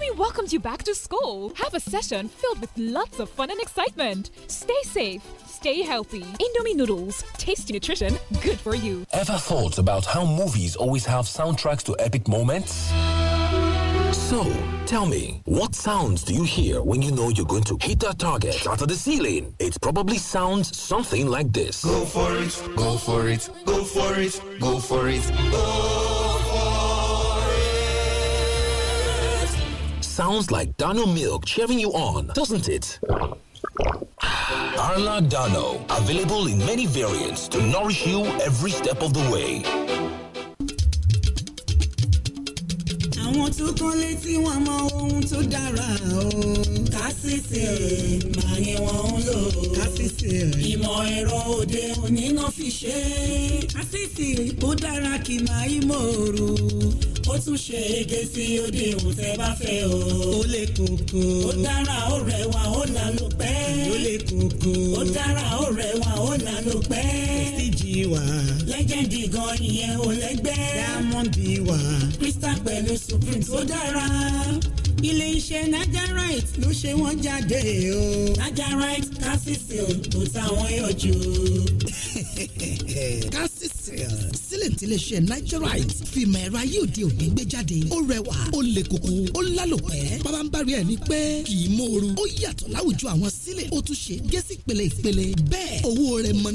Indomie welcomes you back to school. Have a session filled with lots of fun and excitement. Stay safe, stay healthy. Indomie noodles, tasty nutrition, good for you. Ever thought about how movies always have soundtracks to epic moments? So, tell me, what sounds do you hear when you know you're going to hit that target out of the ceiling? It probably sounds something like this. Go for it, go for it, go for it, go for it, go sounds like Dano milk cheering you on, doesn't it? Arla Dano, available in many variants to nourish you every step of the way. àwọn tó kán létí wọn mọ ohun tó dára o. kásìsì màá ní wọn ń lò. kásìsì ìmọ̀ ẹ̀rọ òde òní náà fi ṣe. kásìsì ó dára kì máa í mòrò. ó tún ṣe ege sí òde òun bá fẹ́ o. ó lè kókó. ó dára ó rẹwà ó là ló pẹ́. ó lè kókó. ó dára ó rẹwà ó là ló pẹ́. prestige wà. legend gan ìyẹn ò lẹ́gbẹ́. diamond wà. crystal pẹ̀lú sí supreme tó dára ilé iṣẹ́ nigerite ló ṣe wọ́n jáde o right, calcicil kò táwọn yọ jù. calcicil sílẹ̀ tí iléeṣẹ́ nigerite fìmọ̀ ẹ̀rọ ayé òde òní gbé jáde ó rẹwà ó le koko ó lálòpẹ́ bàbá ń bá rí ẹ̀ ní pẹ́ kì í mòoru ó yàtọ̀ láwùjọ àwọn sílẹ̀ ó tún ṣe gé sí ìpele bẹ́ẹ̀ owó rẹ̀ mọ̀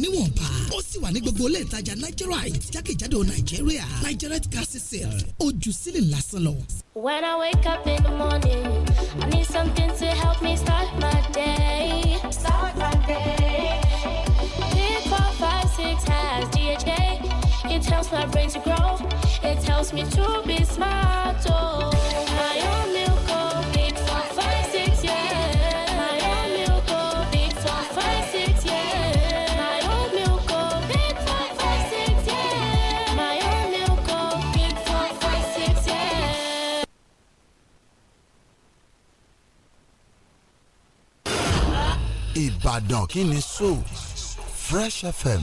ó sì wà ní gbogbo ilé ìtajà nigerite jákèjádò nigerite gas sale ojú sílẹ̀ lásán lọ. When I wake up in the morning, I need something to help me start my day. Start my day. has DHA. It helps my brain to grow. It helps me to be smart. Oh. Ìbàdàn kí ni so Fresh FM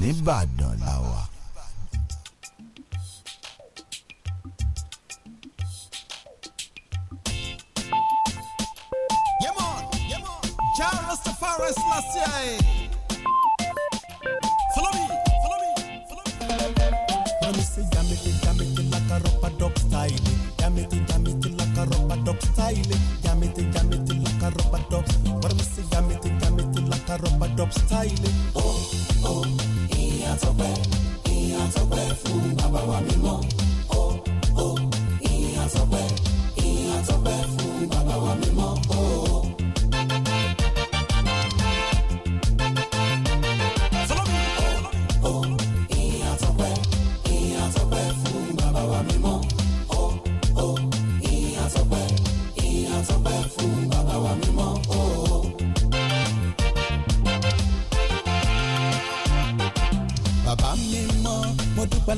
nìbàdàn la wà. Rastafari Selassie. Follow me, follow me, follow me a rubber dub. What am I say? I'm it, I'm it like a rubber dub style. Oh, oh, he has a ìyá tọpẹ́, ìyá tọpẹ́ fún bàbá wa mímọ́. Oh, oh, he has a ìyá tọpẹ́, ìyá tọpẹ́ fún bàbá wa mímọ́.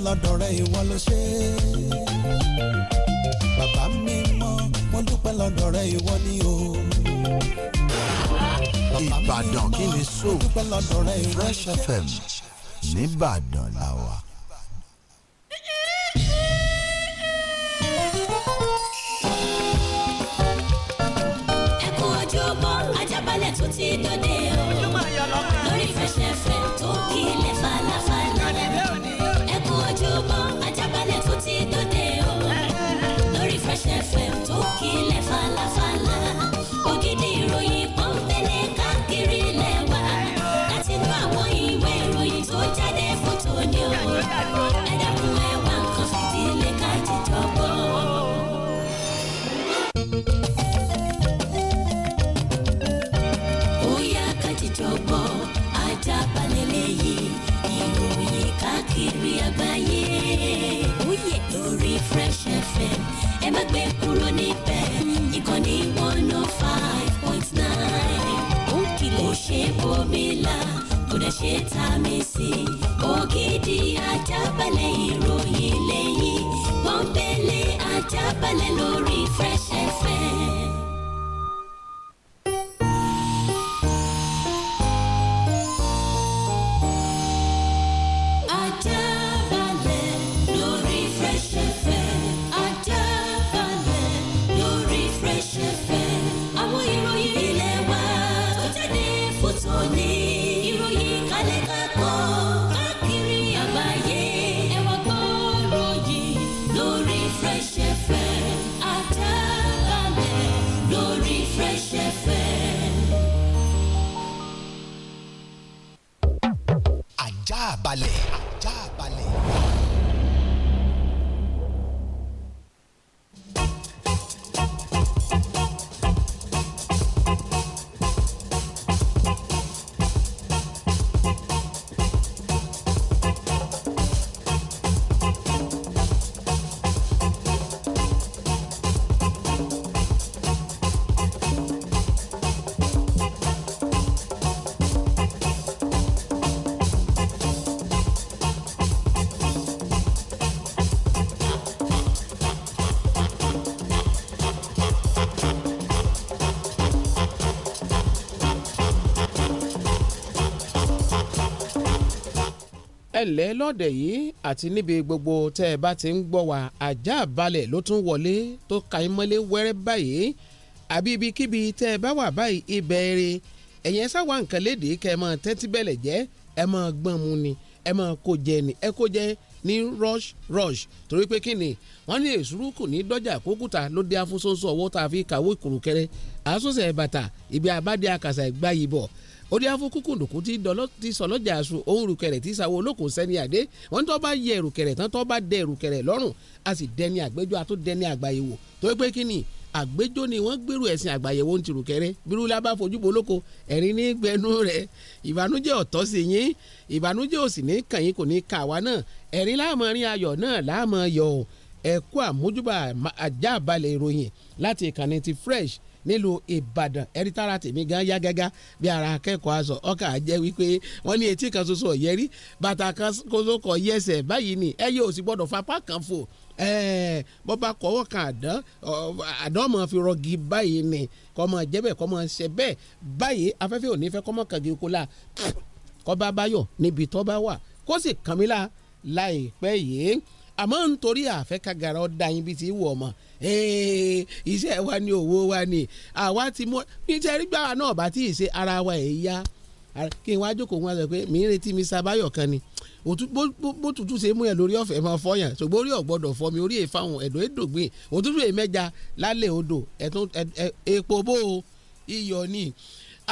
lọ́dọ̀ rẹ ìwọ ló ṣe é. Bàbá mi mọ́, mo dúpẹ́ lọ́dọ̀ rẹ ìwọ ni o. Ìbàdàn kí ni so Fresh FM nìbàdàn làwà. five point nine. ó kìlẹ̀ kò ṣe bomi la kódà ṣe ta mi sí. ògidì ajábalẹ̀ ìròyìn lẹ́yìn pọ́npẹ́lẹ́ ajábalẹ̀ lórí Fresh FM. ẹ̀lẹ́ lọ́dẹ̀ yìí àti níbi gbogbo tẹ́ ẹ bá ti ń gbọ́ wa ajá balẹ̀ ló tún wọlé tó ka ẹ mọ́lé wẹ́rẹ́ báyìí àbí ibikíbi tẹ́ ẹ bá wà báyìí ibẹ̀ rẹ̀ ẹ̀yẹn sáwà nǹkan léde kẹ́ ẹ mọ tẹ́tí bẹ̀lẹ̀ jẹ́ ẹ mọ gbọ́n mu ni ẹ mọ kó jẹ ni ẹ kó jẹ ní rush rush torí pé kí ni wọ́n ní èsúrú kù ní dọ́jà kókúta ló dé afúnṣoṣo ọwọ́ tá a fi kàwé kùrùkẹrẹ àásùnṣe bàtà ibi àbádé àkàṣà ìgbáyìí bọ̀ ó dé afúkú kùndùkú ti sọ lọ́jà àṣù òun rùkẹ̀rẹ̀ tí ìsàwọ̀ olóko sẹ́ni àdé wọ́n tó bá yẹ rùkẹ̀rẹ̀ tán tó bá dẹ rùkẹ̀rẹ̀ lọ́rùn a sì dẹni àgbéjọ àtó dẹni àgbáyé wò tó pé kí ni àgbéjọ ni wọ́n gbèrú ẹ̀sìn àgbáyé wo ń ti rùkẹ̀rẹ̀ bírúlá bá fojú bo olóko ẹ̀rín ní gbẹnu rẹ̀ ìbànújẹ́ ọ̀tọ́ sí yín ìbànújẹ́ òsì ní kàn yín kò ní kà wá náà ẹ̀rín láàmú rin ayọ̀ náà láàmú yọ̀ ẹ̀kú àmójúbà àjá àbalẹ̀ ìròyìn láti ìkànnì ti fresh nílùú ìbàdàn ẹ̀rí tára tèmi gan yá gágá bí ara akẹ́kọ̀ọ́ aṣọ ọkà jẹ́ wípé wọ́n ní etí kan ṣoṣo ọ̀yẹ́rí bàtà kan ṣoṣo kọ̀ yẹsẹ̀ báyìí ni ẹ yóò sì gbọ́dọ̀ fapá kan fò bọ́ bá kọ́wọ́ kan àdán àdán ọmọ fi rọgì báyìí ni kọ́ mọ jẹ́ bẹ́ẹ̀ kọ́ mọ ṣe bẹ́ẹ̀ báyìí afẹ́fẹ́ òní fẹ́ kọ́ kàgé kó la kọ́ bá báyọ̀ níbi tọ́ bá wà kó sì kàn mí la láìpẹ́ yìí àmọ́ nítorí àfẹ́kàgàrà ọ̀dà yín bíi ti wù ọmọ iṣẹ́ wa ni owó wa ni àwa ti mú nítorí gbàgbà náà bá tí ṣe ara wa ẹ̀ yá kí n wá jókòó wọn sọ pé mi ń retí mi sábàyọ̀ kan ni bó tutù ṣe mú ẹ lórí ọ̀fẹ́ máa fọyàn ṣùgbọ́n orí ọ̀gbọ́dọ̀ fọ mi orí ìfahùn ẹ̀dọ̀ èdògbìn òtútù èmẹ́ja lálẹ́ odò ẹ̀tún epo bó iyọ̀ ni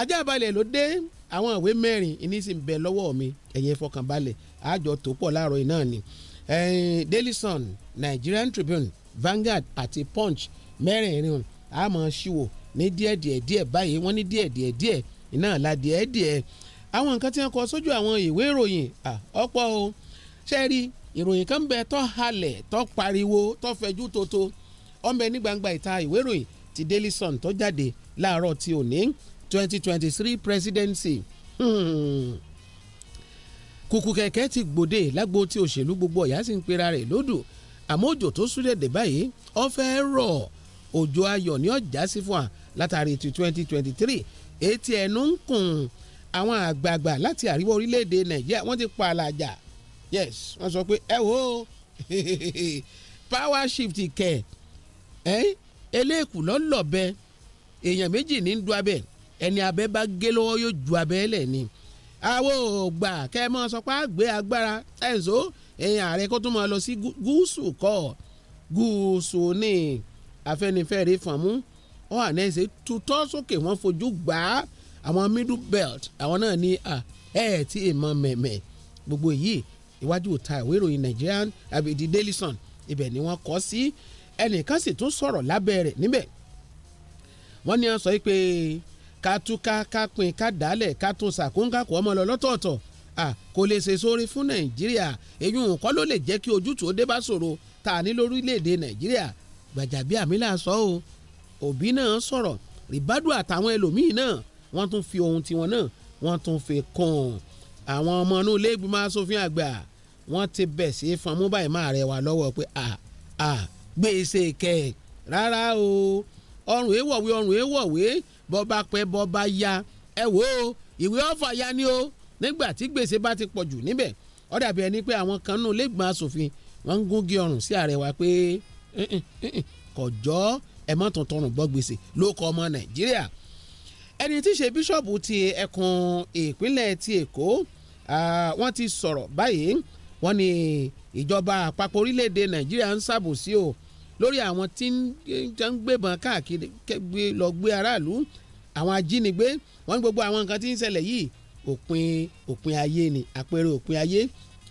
ajá balẹ̀ ló dé àwọn ìwé mẹ́rin ìní sì ń bẹ lọ́wọ́ mi ẹ̀yin fọkànbalẹ̀ àjọ tó pọ̀ láàárọ̀ yìí náà ni. Eh, Daily Sun Nigerian Tribune Vanguard àti Punch mẹ́rẹ̀ẹ̀rin àmọ́ ṣíwò ní díẹ̀díẹ̀ díẹ̀ báyìí wọ́n ní díẹ̀díẹ̀ díẹ̀ iná la díẹ̀díẹ̀ àwọn nǹkan tí wọ́n kọ sójú àwọn ìwé ìròyìn ọ̀pọ̀ o ṣe rí ìròyìn kan bẹ tó halẹ̀ tó pariwo tó fẹjú tótó ọmọ ẹni gbangba ìta ìwé ìròyìn ti Daily Sun tó jáde láàárọ̀ ti òní 2023 presidency. Hmm kùkù kẹ̀kẹ́ ti gbòde lágbo tí òṣèlú gbogbo ọ̀yá sì ń pera rẹ̀ lódò àmọ́ òjò tó súrẹ̀dẹ̀ báyìí ó fẹ́ rọ̀ òjò ayọ̀ ní ọjà sí fún wa látàrí ti twenty etí ẹnu ń kùn àwọn àgbààgbà láti àríwá orílẹ̀-èdè nàìjíríà wọ́n ti pa àlàjà yes wọ́n sọ pé ẹ wo power shift kẹ̀ ẹ́ eléèkù lọ́lọ́bẹ èèyàn méjì ní ń du abẹ ẹni abẹ bá gé lọ́wọ́ yóò ju abẹ́ lẹ̀ àwo ògbà kẹ́ ẹ mọ́ sọ pé àgbé agbára ẹ̀ǹso èèyàn ààrẹ kó tún mọ́ lọ sí gúúsù kọ́ gúúsù ní Afẹ́nifẹ́re fọ̀mú wọn àná ẹsẹ tutọ́ sókè wọ́n fojú gbà á àwọn middle belt àwọn náà ní à ẹ ẹ tí èèmọ mẹmẹ gbogbo yìí iwájú ta ìwé ìròyìn Nigerian àbí the Daily ni wọ́n kọ sí ẹnìkan sì tún sọ̀rọ̀ lábẹ́ rẹ̀ níbẹ̀ wọ́n ní à sọ pé katuka túká ká pin ká dálẹ̀ ká tún ṣàkóńkàkọ́ ọmọ lọ lọ́tọ̀ọ̀tọ̀ à kò lè ṣe sóore fún nàìjíríà èyí òun kọ́ ló lè jẹ́ kí ojútùú dé bá ṣòro tá a ní lórílẹ̀‐èdè nàìjíríà Gbàjàbíàmílà sọ o òbí náà sọ̀rọ̀ rìbádùn àtàwọn ẹlòmíín náà wọ́n tún fi ohun tiwọn náà wọ́n tún fi kàn àwọn ọmọ inú ilé ìgbìmọ̀ asòfin àgbà wọ́n ti bẹ̀ sí fọnmú báyìí máa rẹ̀ wá lọ́wọ́ pé à à gbèsè kẹ̀ rárá o ọrùn èèwọ̀wé ọrùn èèwọ̀wé bọ́ bá pẹ́ bọ́ bá yá ẹ wò ó ìwé ọ̀fà ya ni ó nígbà tí gbèsè bá ti pọ̀ jù níbẹ̀ ó dàbí ẹni pé àwọn kan nù lẹ́gbọ̀n asòfin wọ́n ń gúngi ọrùn sí ààrẹ wa pé kọjọ́ ẹ má tún tọrùn gbọ́ gbèsè ló kọ ọmọ nàìjíríà ẹni tí í ṣe bíṣọ̀bù ti ẹkùn ìpínlẹ̀ ti èkó wọ́n ti sọ̀rọ̀ báyìí wọ́n ní ìjọba àpapọ̀ orílẹ̀-èdè nàìjíríà ń ṣàbòsí o. Si lórí àwọn tí ń gbébọn káàkiri lọ gbé aráàlú àwọn ajínigbé wọ́n ní gbogbo àwọn nǹkan tí ń ṣẹlẹ̀ yìí òpin òpin ayé ni àpẹẹrẹ òpin ayé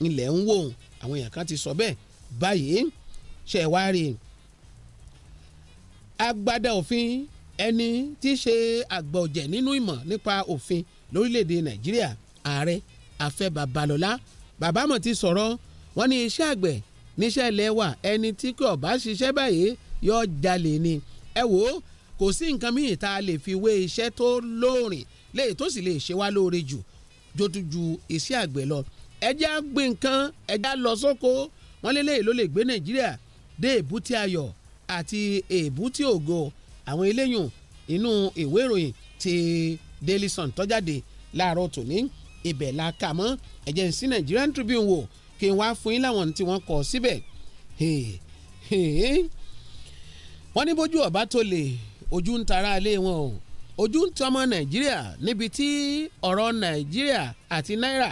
ilẹ̀ ń wò àwọn èèyàn kan ti sọ bẹ́ẹ̀ báyìí ṣe wá rí i agbada òfin ẹni tí í ṣe àgbà ọ̀jẹ̀ nínú ìmọ̀ nípa òfin lórílẹ̀‐èdè nàìjíríà ààrẹ afẹ́ babalọ́lá bàbá mọ̀ ti sọ̀rọ̀ wọ́n ní iṣẹ́ àgbẹ̀ níṣẹ́ ilẹ̀ ẹni tí kò bá ṣiṣẹ́ báyìí yọ jalè ni ẹ wò ó kò sí nǹkan míì tá a lè fi wé iṣẹ́ tó lóòrìn léyìí tó sì lè ṣe wá lóore jù jótú ju iṣẹ́ àgbẹ̀ lọ ẹja gbé nǹkan ẹja lọ sóko wọn lélẹ́yìí ló lè gbé Nàìjíríà dé èbúté ayọ̀ àti èbúté ògo àwọn eléyùn inú ìwé ìròyìn ti Daily Sun tó láàárọ̀ tòní ibẹ̀ la kà mọ́ ẹ̀jẹ̀ ń sí Nigerian Tribune wò kí n wá fún yín láwọn tí wọ́n kọ síbẹ̀ wọ́n ní bójú ọ̀bá tó lè ojú ń tara ilé wọn o ojú ń tọmọ nàìjíríà níbi tí ọ̀rọ̀ nàìjíríà àti náírà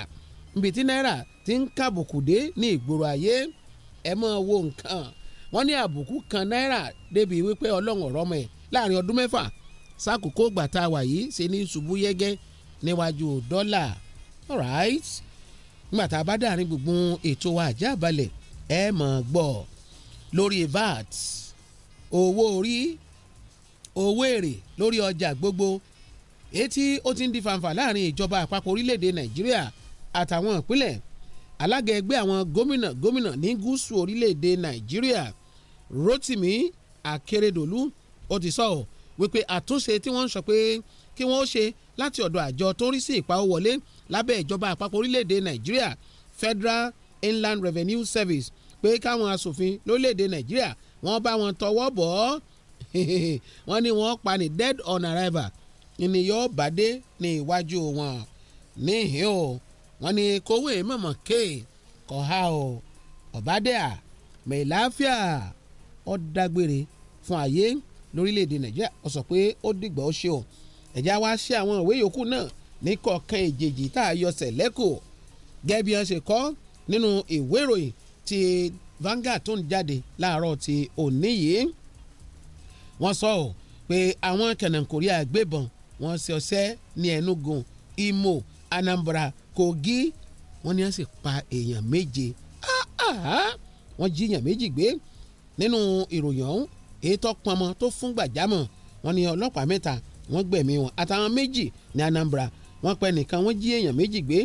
níbi tí náírà ti ń kàbùkù dé ní ìgboro ayé ẹ mọ̀ wo nǹkan wọ́n ní àbùkù kan náírà débi wípé ọlọ́run ọ̀rọ̀ mọ̀ ẹ̀ láàrin ọdún mẹ́fà sákòókò gbàtà wà ṣe ní ṣubú yẹ́gẹ́ níwájú dọ́là all right nígbà tá a bá dàrin gbùngbùn ètò ajá balẹ̀ ẹ mọ̀ gbọ́ lórí vat owó orí owó èrè lórí ọjà gbogbo etí ó ti ń di fàǹfà láàrin ìjọba àpapọ̀ orílẹ̀-èdè nàìjíríà àtàwọn ìpínlẹ̀ alága ẹgbẹ́ àwọn gómìnà gómìnà ní gúúsù orílẹ̀-èdè nàìjíríà rotimi akeredolu ó ti sọ wípé àtúnṣe tí wọ́n ń sọ pé kí wọ́n ó ṣe láti ọ̀dọ̀ àjọ tó ń rí sí ìpawówọlé lábẹ́ ìjọba àpapọ̀ orílẹ̀-èdè nàìjíríà federal inland revenue service pé káwọn asòfin lórílẹ̀-èdè nàìjíríà wọ́n bá wọn tọwọ́ bọ̀ ọ́ wọ́n ní wọ́n pa ní dead on arrival ni yóò bá dé ní iwájú wọn níhìn o wọ́n ní kówó mọ̀mọ́ ké kọ́ ha o ọ̀bádẹ́à mẹ́láfíà ó dágbére fún ayé lórílẹ̀‐èdè nàìjíríà ó sọ pé ó dìgbà ó ṣe o ẹ̀já wá sí àwọn ìwé yòókù náà níkọ̀ọ̀kan èjèèjì tá a yọ sẹ̀lẹ́kò gẹ́gẹ́ bí wọ́n ṣe kọ́ nínú ìwé ìròyìn ti Vanguard tó ń jáde láàárọ̀ ti òní yìí wọ́n sọ ọ́ pé àwọn kẹ̀nàkórí àgbébọn wọ́n ṣe ọṣẹ́ ní Enugu Imo Anambra Kogi wọ́n ní wọ́n sì pa èèyàn méje wọ́n jí èèyàn méjì gbé nínú ìròyìn ọ̀hún èyí tó pọnmọ tó fún gbàjámọ̀ wọ́n ní ọlọ́pàá mẹ́ta wọ́n gbẹ̀mí wọn àtàwọn méjì ní Anambra wọ́n pẹ́ nìkan wọ́n jí èèyàn méjì gbé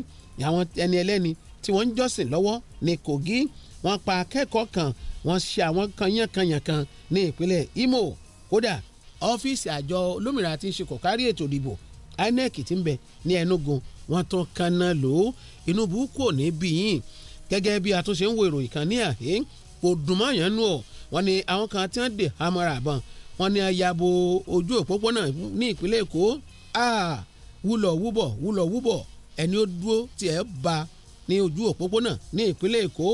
àwọn ẹni ẹlẹ́ni tí wọ́n ń jọ́sìn lọ́wọ́ ní Kogi wọ́n pa akẹ́kọ̀ọ́ kan wọ́n ṣe àwọn kan kan ní ìpínlẹ̀ Imo kódà ọ́fíìsì àjọ olómìnira tí ń ṣe kò kárí ètò ìdìbò INEC ti ń bẹ ní Enugu wọ́n tún kanna lò ó inú burúkú ò ní bí yín gẹ́gẹ́ bí àtúnṣe ń wo ìròyìn kan ní àhẹ́ kò dùn mọ́ yẹn nù ọ́ wọ́n ní àwọn kan tí wọ́n dè hamara àbọ̀n wọ́n ní ayabo ojú òpópónà ní ìpínlẹ̀ Èkó ah! wúlọ̀ wúbọ̀ wúlọ̀ wúbọ̀ ẹni ó dúró tí ẹ bá ní ojú òpópónà ní ìpínlẹ̀ èkó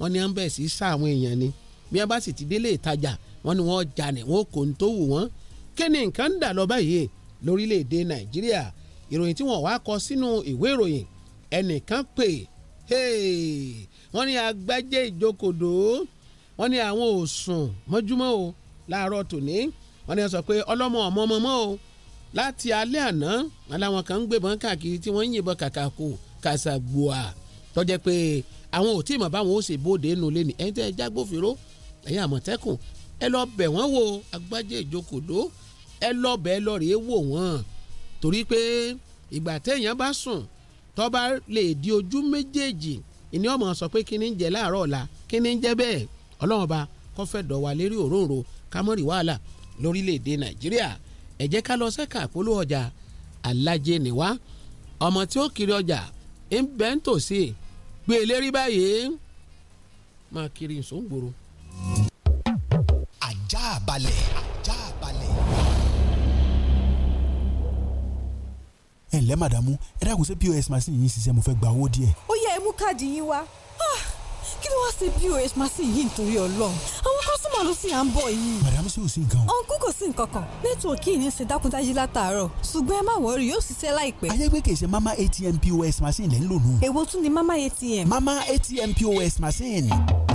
wọn ni wọn bẹ̀ sí sá èèyàn ni bí wọn bá sì ti délé ìtajà wọn ni wọn jà ní wọn kò ń tó wù wọn kí ni nǹkan ń dà lọ báyìí lórílẹ̀‐èdè nàìjíríà ìròyìn tí wọn wá kọ sínú ìwé ìròyìn ẹnìkan pè wọn ni agbájé ìjókòdó wọn ni àwọn ò sùn mọ́júmọ́ o láàárọ̀ tòní wọn ni wọn sọ pé ọlọ́mọ ọmọ ọmọ mọ́ o láti alẹ́ àná aláwọn kan ń gbébọn káàkiri tí wọ́n ń yìnbọn kàkàkò kàṣàgbòà tọ́jẹ́ pé àwọn ò tí ì mọ̀ báwọn ó ṣe bóde nù lé ní ẹ̀yin tẹ́ ẹ jágbófinró ẹ̀yin àmọ̀tẹ́kùn ẹ lọ bẹ̀ wọ́n wo agbájé ìjókòdó ẹ lọ bẹ̀ ẹ lọ rèé wò wọ́n torí pé ìgbà téèyàn bá sùn tó lè di ojú méjèèjì ìní ọmọ sọ pé kíní ń jẹ láàárọ̀ ọ̀la kíní ń jẹ bẹ́ẹ̀ ọlọ́run ọba kọ́fẹ́ dọ̀wà òróǹro kámọ́rì wàhálà lórílẹ̀‐èdè nàìjíríà ẹ jẹ́ ká lọ sẹ́ka àpolówó ọjà alájẹ níwá ọmọ tí ó kiri ọjà ń bẹ́ ń tòsí gbé e lérí báyìí máa kiri ìsóngbòrò. ajá balẹ̀ ẹ ǹlẹ́ màdàmú ẹ dákun ṣé pos machine yìí ń ṣiṣẹ́ mo fẹ́ gba owó díẹ̀. ó yẹ ẹ káàdì yín wá. Ah! kí ló wá ṣe pos machine yìí nítorí ọlọ́run àwọn kọ́sọ́mà ló sì à ń bọ̀ yìí. madam ṣé o sí nǹkan o. ọ̀nkú kò sí nǹkan kan nẹ́tíwọ̀kì yìí ń ṣe dákúndájí látàárọ̀ ṣùgbọ́n ẹ má wọrí yóò ṣiṣẹ́ láìpẹ́. ayégbé kì í ṣe mama atm pos machine lẹ́ ń lò nù. èwo tún ni mama atm. mama atm pos machine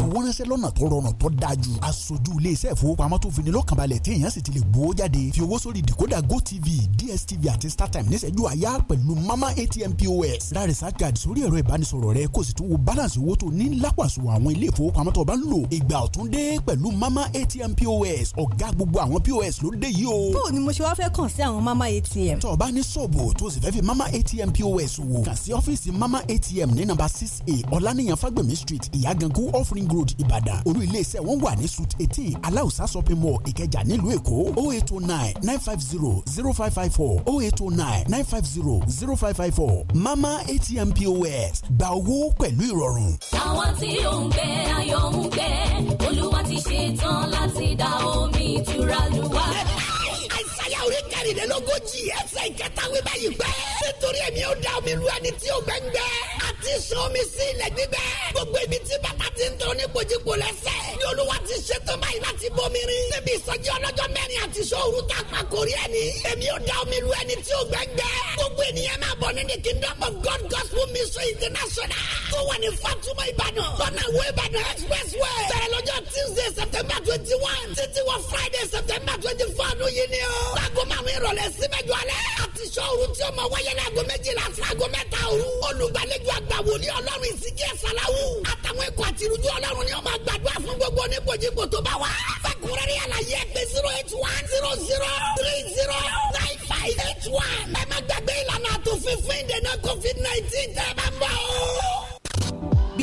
fowó ránṣẹ́ lọ́nà tó rọrùn tó dájú aṣojú iléeṣẹ́ ìfowópamọ́ tó fini lọ́kànbalẹ̀ tí èèyàn sì ti lè gbowó jáde fi owó sórí decoder gotv dstv àti startime níṣẹ́jú àyà pẹ̀lú mama atm pos ra research card sórí ẹ̀rọ ìbánisọ̀rọ̀ rẹ kó sì tún wo balance owó tó ní lápàṣọ àwọn ilé ìfowópamọ́ tó bá ń lò ìgbà ọ̀tún dé pẹ̀lú mama atm pos ọ̀gá gbogbo àwọn pos ló dé yìí o. bó o ni mo ṣe wá fẹ́ kàn sí àwọn mama atm. tó o bá ní ṣọ́ọ̀bù tó sì fẹ́ fi mama atm pos wò kàn sí ọ́fíìsì mama atm ní nàmbà six a ọ̀lànìyàn fagbemi street ìyàgànkù offering group road ìbàdàn olú iléeṣẹ́ wọn wà ní suit eighteen aláùsá shopping mall ìkẹjà nílùú èkó o oh eight o oh nine nine five zero zero five five four o oh eight o nine nine five zero zero five five four mama atm pos gba owó pẹ̀lú ìrọ̀rùn. àwa tí ò ń gbẹ ayọ̀ ń gbẹ olúwa ti ṣe tán láti dá omi ìtura lù wá. àìsàn yà orí mẹ́rìnlélógójì ẹsẹ̀ ìkẹta wí báyìí pẹ́. nítorí èmi ò da omi lu ẹni tí ò gbẹ́ngbẹ́. àti sọ omi sí ilẹ̀ gbígbẹ́. gbogbo ibi tí bàbá ti ń tọ́ ní kojíko lẹ́sẹ̀. ni olúwa ti ṣètò báyìí láti bomi rin. níbi ìsọjí ọlọ́jọ́ mẹ́rin àti sọ́ọ̀rù tá a pa kórí ẹni. èmi ò da omi lu ẹni tí ò gbẹ́ngbẹ́. gbogbo ènìyàn máa bọ̀ ní the kingdom of God gospel mission international. tó wà ní fatuma ìbàdàn. lọ́nà ìwé ìbàdàn expressway. bẹ̀rẹ̀ tuesday september twenty one friday september twenty four ọdún o. láago márùn ní ìrọ̀lẹ́ sí mẹ́jọ alẹ́ àti sọ́ọ̀rù tí ó máa wáyé ní aago méjìlá sí aago mẹ́ta òru olùgbàlejò àgbà wòlíì ọlọ́run ìsìnkí ẹ̀sàláwù àtàwọn ikọ̀ àti ìrújú ọlọ́run ni ó máa gbàdúrà fún gbogbo oníkojúkò tó bá wá. fẹ́kúrẹ́rẹ́ àlàyé pé zero eight one zero zero three zero nine five eight one ẹ má gbàgbé ìlànà àtúnfífún ìdènà covid nineteen tẹ́ ẹ bá ń bọ̀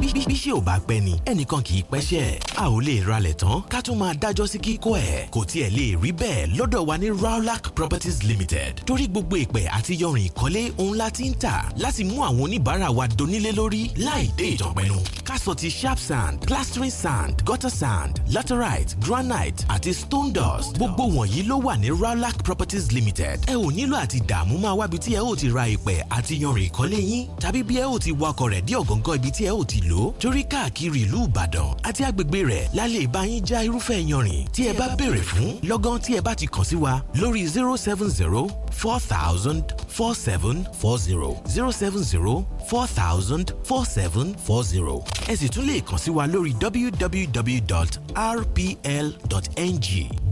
bí ṣe ò bá pẹ́ ni ẹnìkan kì í pẹ́ṣẹ̀ a ò lè ralẹ̀ tán ká tún máa dájọ́ sí kíkọ́ ẹ̀ kò tiẹ̀ lè rí bẹ́ẹ̀ lọ́dọ̀ wa ní Rawlac Properties Limited torí gbogbo ìpẹ́ àti yọrin ìkọ́lé òun la ti ń tà láti mú àwọn oníbàárà wa donílé lórí láì dé ìjọpẹ́nu ká sọ ti sharp sand plastering sand gutter sand laterite granite àti stone dust gbogbo wọ̀nyí ló wà ní Rawlac Properties Limited ẹ ò nílò àti dààmú máa wábi tí ẹ ò ti ra ìpẹ́ àti yọrin ìkọ́lé yín tàbí bí ẹ ò ti wakọ̀ rẹ̀ dé ọ̀gọ̀ngọ̀ ibi tí ẹ ò ti lò lò torí káàkiri ìlú Ìbàdàn àti agbègbè rẹ̀ lálẹ́ ìbáyín já irúfẹ́ yanrìn tí ẹ bá béèrè fún lọ́gán tí ẹ bá ti kàn sí wa lórí zero seven zero four thousand four seven four zero zero seven zero four thousand four seven four zero ẹ sì tún lè kàn sí wa lórí www.rpl.ng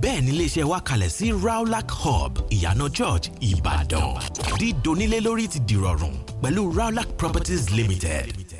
bẹ́ẹ̀ ni iléeṣẹ́ wa kalẹ̀ sí Rawlac Hub ìyànà Church Ìbàdàn dídonílé lórí ti dìrọ̀rùn pẹ̀lú Rawlac Properties Limited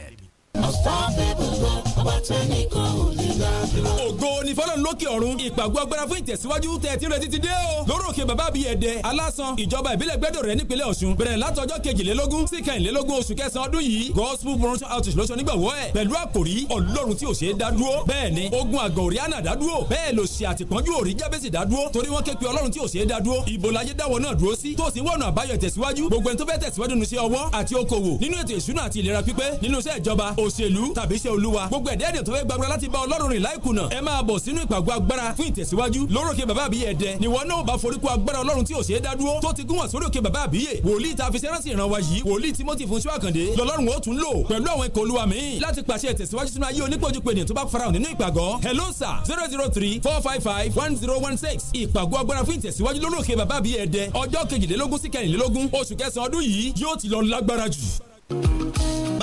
ògo ni fọlọ́n lókè ọ̀run ìpàgọ́ agbára fún ìtẹ̀síwájú tẹ̀tí rẹ títí dé o lórí òkè bàbá bíi ẹ̀dẹ̀ alásan ìjọba ìbílẹ̀ gbẹ́dọ̀ rẹ nípínlẹ̀ ọ̀ṣun bẹ̀rẹ̀ látọjọ́ kejìlélógún sí kẹrìnlélógún oṣù kẹsàn-án ọdún yìí gospel promotion outreach lọ́sọ̀ nígbàwọ́ ẹ̀ pẹ̀lú àkòrí ọlọ́run tí ò ṣe é dádúró bẹ́ẹ̀ ni ogun àgọ̀ òríànà dádúró bẹ́ẹ̀ lò ṣe àtìpọ́njú òrí jábẹ́sì dádúró torí wọ́n képe ọlọ́run tí ò ṣe é dádúró ìbò láyé dáwọ́ náà dúró sí tó sì wọ̀nà àbáyọ ìtẹ̀síwájú gbogbo ẹni tó fẹ́ tẹ̀síwájú nu iṣẹ́ ọwọ́ àti okòwò nínú ètò òṣèlú tàbí iṣẹ́ olúwa gbogbo ẹ̀dá èdè tó fẹ́ gbàgbọ́ láti bá ọlọ́run rìn láìkùnà ẹ máa bọ̀ sínú ìpàgọ́ agbára fún ìtẹ̀síwájú lórókè bàbá àbíyè ẹ̀dẹ níwọ náà bá forúkọ agbára ọlọ́run tí ò ṣeé dádúró tó ti gúnwà sórókè bàbá àbíyè wòlíì ta fi sẹ́rántì ìran wa yìí wòlíì timothy fúnṣọ́ àkàndé lọ́lọ́run ó tún lò pẹ̀lú àwọn ikọ̀ olúwa míì láti pàṣẹ ìtẹ̀síwájú sínú ayé onípojúpe ènìyàn tó bá farahàn nínú ìpàgọ́ hello sir zero zero three four five five one zero one six ìpàgọ́ agbára fún ìtẹ̀síwájú lórókè bàbá àbíyè ẹ̀dẹ ọjọ́ kejìlélógún sí kẹrìnlélógún oṣù kẹsàn-án ọdún yìí yóò ti lọ lágbára jù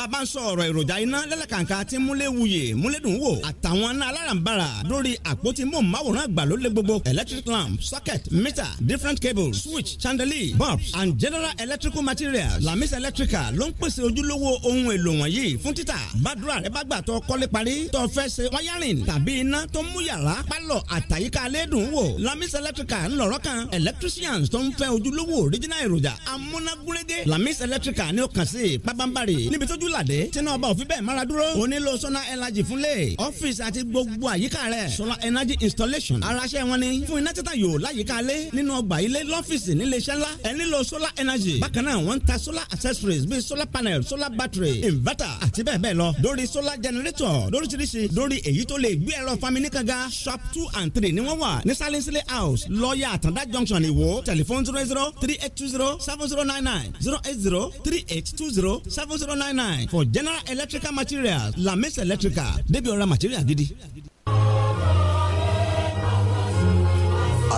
bàbá ń sọ ọ̀rọ̀ èròjà iná lẹ́lẹ́kàǹkà tí múlẹ̀ wuyè múlẹ̀ dùn wò àtàwọn iná alárànbarà lórí àpótí móhùnmáwòrán àgbàlódé gbogbo electric lamp socket meter different cables switch chandelier bulbs and general electrical materials lamis electrical ló ń pèsè ojúlówó ohun èlò wọ̀nyí fún títà gbàdúrà rẹ bá gbà tó kọ́lé parí tó fẹ́ ṣe wáyárìn tàbí iná tó mú yàrá pálọ̀ àtàyíká lẹ́dùn wò lamis electrical ńlọrọ kan electricians tó ń fẹ́ ojúlówó original èròjà amúnagúnrégé lamis electrical ni ó kàn sí pábánbárì níbi tójú ojúlàdé tínáàbà òfin bẹ́ẹ̀ mára dúró o nílò solar energy fúnlé ọ́fíìsì àti gbogbo àyíká rẹ̀ solar energy installation araṣẹ́ wọn ni fún iná títà yòó láyìíká lé nínú ọgbà ilé lọ́fíìsì nílé iṣẹ́ ńlá ẹ nílò solar energy bákan náà wọ́n ń ta solar accessories bíi solar panel solar battery inverter àti bẹ́ẹ̀ bẹ́ẹ̀ lọ dórí solar generator lóríṣiríṣi dórí èyí tó lè gbé ẹ̀rọ famini kanga shop two and three ni wọ́n wà ní house lọ́ọ̀yà àtàndá junction ìwò tẹlifóònù zero zero three eight two zero seven zero nine nine zero eight zero three eight two zero seven zero nine nine line for general electrical materials lamis electrical débi ora material gidi.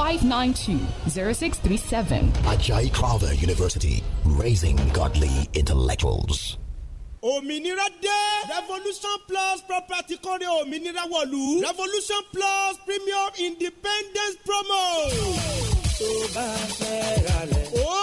592-0637. Ajayi Crowther University, raising godly intellectuals. òmìnira dé. revolution plus property kọ́rẹ́ òmìnira wọ̀lú. revolution plus premium independence promo. tó bá fẹ́ ra lẹ̀. ó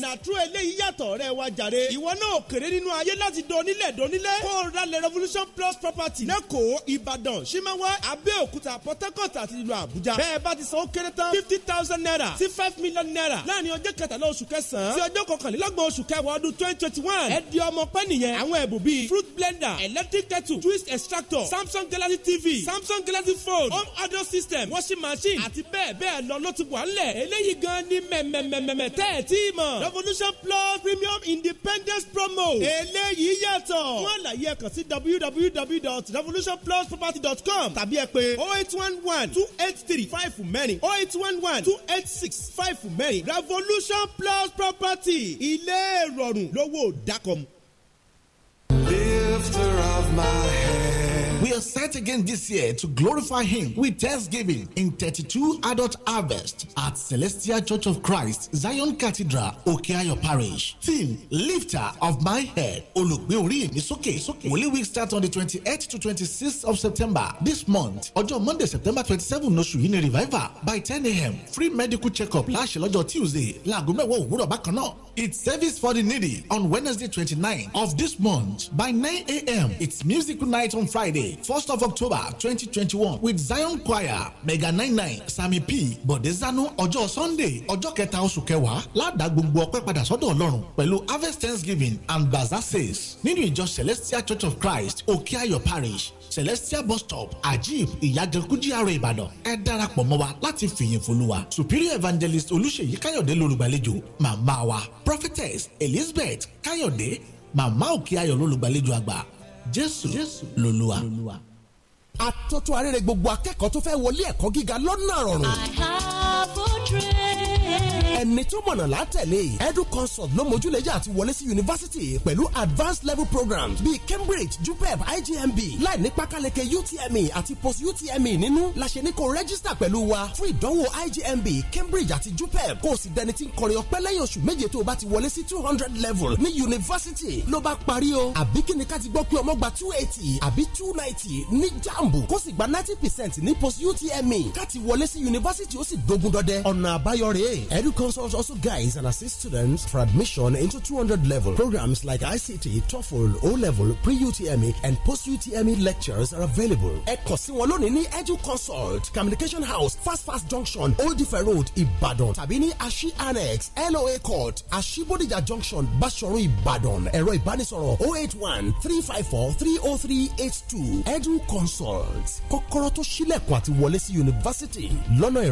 nàtró eléyìí yàtọ̀ rẹ̀ wá jàre. ìwọ náà kéré nínú ayé láti dónílẹ̀ dónílẹ̀. kó o ra le revolution plus property. lẹ́kọ̀ọ́ ìbàdàn simawa abẹ́òkúta port harcourt àti ìlú àbújá. bẹ́ẹ̀ bá ti san ó kéré tán fifty thousand naira sí five million naira. láàrin ọjọ́ kẹtàlá oṣù kẹsàn-án sí ọjọ́ kọkànlélọ́gbọ̀n oṣù kẹwàá ọdún twenty twenty one. ẹ di ọmọ pẹ́ nìyẹn. àwọn ẹ̀bùn bíi fruit blender electric kettle twist extractor samsung galaxy tv samsung galaxy phone home audio system washing machine àti bẹ́ẹ̀ bẹ́ẹ̀ lọ ló ti wà ńlẹ̀. eléyìí gan ni mẹ́mẹ́mẹ́mẹ́ tẹ́ tí mọ̀ revolution plus premium independence promo. eléyìí yàtọ̀. fún àlàyé ẹ kàn sí www.revolutionplusproperty.com tàbí ẹ pè oh eight one one two eight three five fún mẹ́rin oh eight one one two eight six five fún mẹ́rin revolution plus property ilé ìrọ̀rùn lówó dákọ̀mù. lifter of my head. We are set again this year to glorify Him with thanksgiving in 32 Adult Harvest at Celestial Church of Christ, Zion Cathedral, Okeayo Parish. Theme, Lifter of My Head. Oh look, we It's okay. It's okay. Holy week starts on the 28th to 26th of September this month. Ọjọ́ Monday September 27 oṣù in a revival by 10 a.m. Free medical checkup. up láṣẹ lọ́jọ́ Tuesday Lagume mẹ́wàá òwúrọ̀ bákan It's service for the needy on Wednesday 29 of this month by 9 a.m. It's musical night on Friday. 1st of October 2021 with Zion Choir Mega 99 Sami P Bọ̀dẹ́sánú ọjọ́ Sunday Ojo kẹta oṣù kẹwàá ládàá gbogbo ọpẹ́ padà sọ́dọ̀ Ọlọ́run pẹ̀lú harvest thanksgiving and bazaar says nínú ìjọ Celestial Church of Christ your Parish Celestial Bus Stop Ajib Ìyájẹkú GRA Ìbàdàn ẹ darapọ̀ lati wa láti Superior Evangelist Olúṣèyí Káyọ̀dé lolùgbàlejò màmá wa Prophetess Elizabeth Káyọ̀dé màmá òkè ayọ̀ lolùgbàlejò àgbà jésù lolúwa. àtọ́tún arére gbogbo akẹ́kọ̀ọ́ tó fẹ́ wọlé ẹ̀kọ́ gíga lọ́nà rọrùn. I have a dream ẹni tó mọ̀nà látẹ̀lé edu consult ló mójúlẹ̀jà àti wọlé sí yunifásitì pẹ̀lú advanced level programs bíi Cambridge JUPEB IGMB. láì ní pákáleke UTME àti post UTME nínú la ṣe ní kó rẹ́gísítà pẹ̀lú wa fún ìdánwò IGMB, Cambridge àti JUPEB kó o sì dẹni tí ń kọrin ọpẹ́ lẹ́yìn oṣù méje tó o bá ti wọlé sí two hundred level ní yunifásitì ló bá parí o àbí kí ni ká ti gbọ́ pé ọmọ gba two eighty àbí two ninety ní jambu kó sì gba ninety percent ní post UTME ká ti wọlé sí yunifásitì ó sì dogun dọdẹ ọ̀nà àbáyọ rèé edu consult sponsors also guides and assists students for admission into 200 level. Programs like ICT, TOEFL, O level, pre UTME, and post UTME lectures are available. Ẹ̀kọ́ sí ni Edu Consult, Communication House, Fast Fast Junction, Old Ife Road, Ibadan. Tabini Ashi Annex, LOA Court, Ashibodija Junction, Bashorun, Ibadan. Ẹ̀rọ ìbánisọ̀rọ̀ 081 354 30382. Edu Consult, Kokoroto tó ṣílẹ̀kùn àti wọlé sí yunifásítì lọ́nà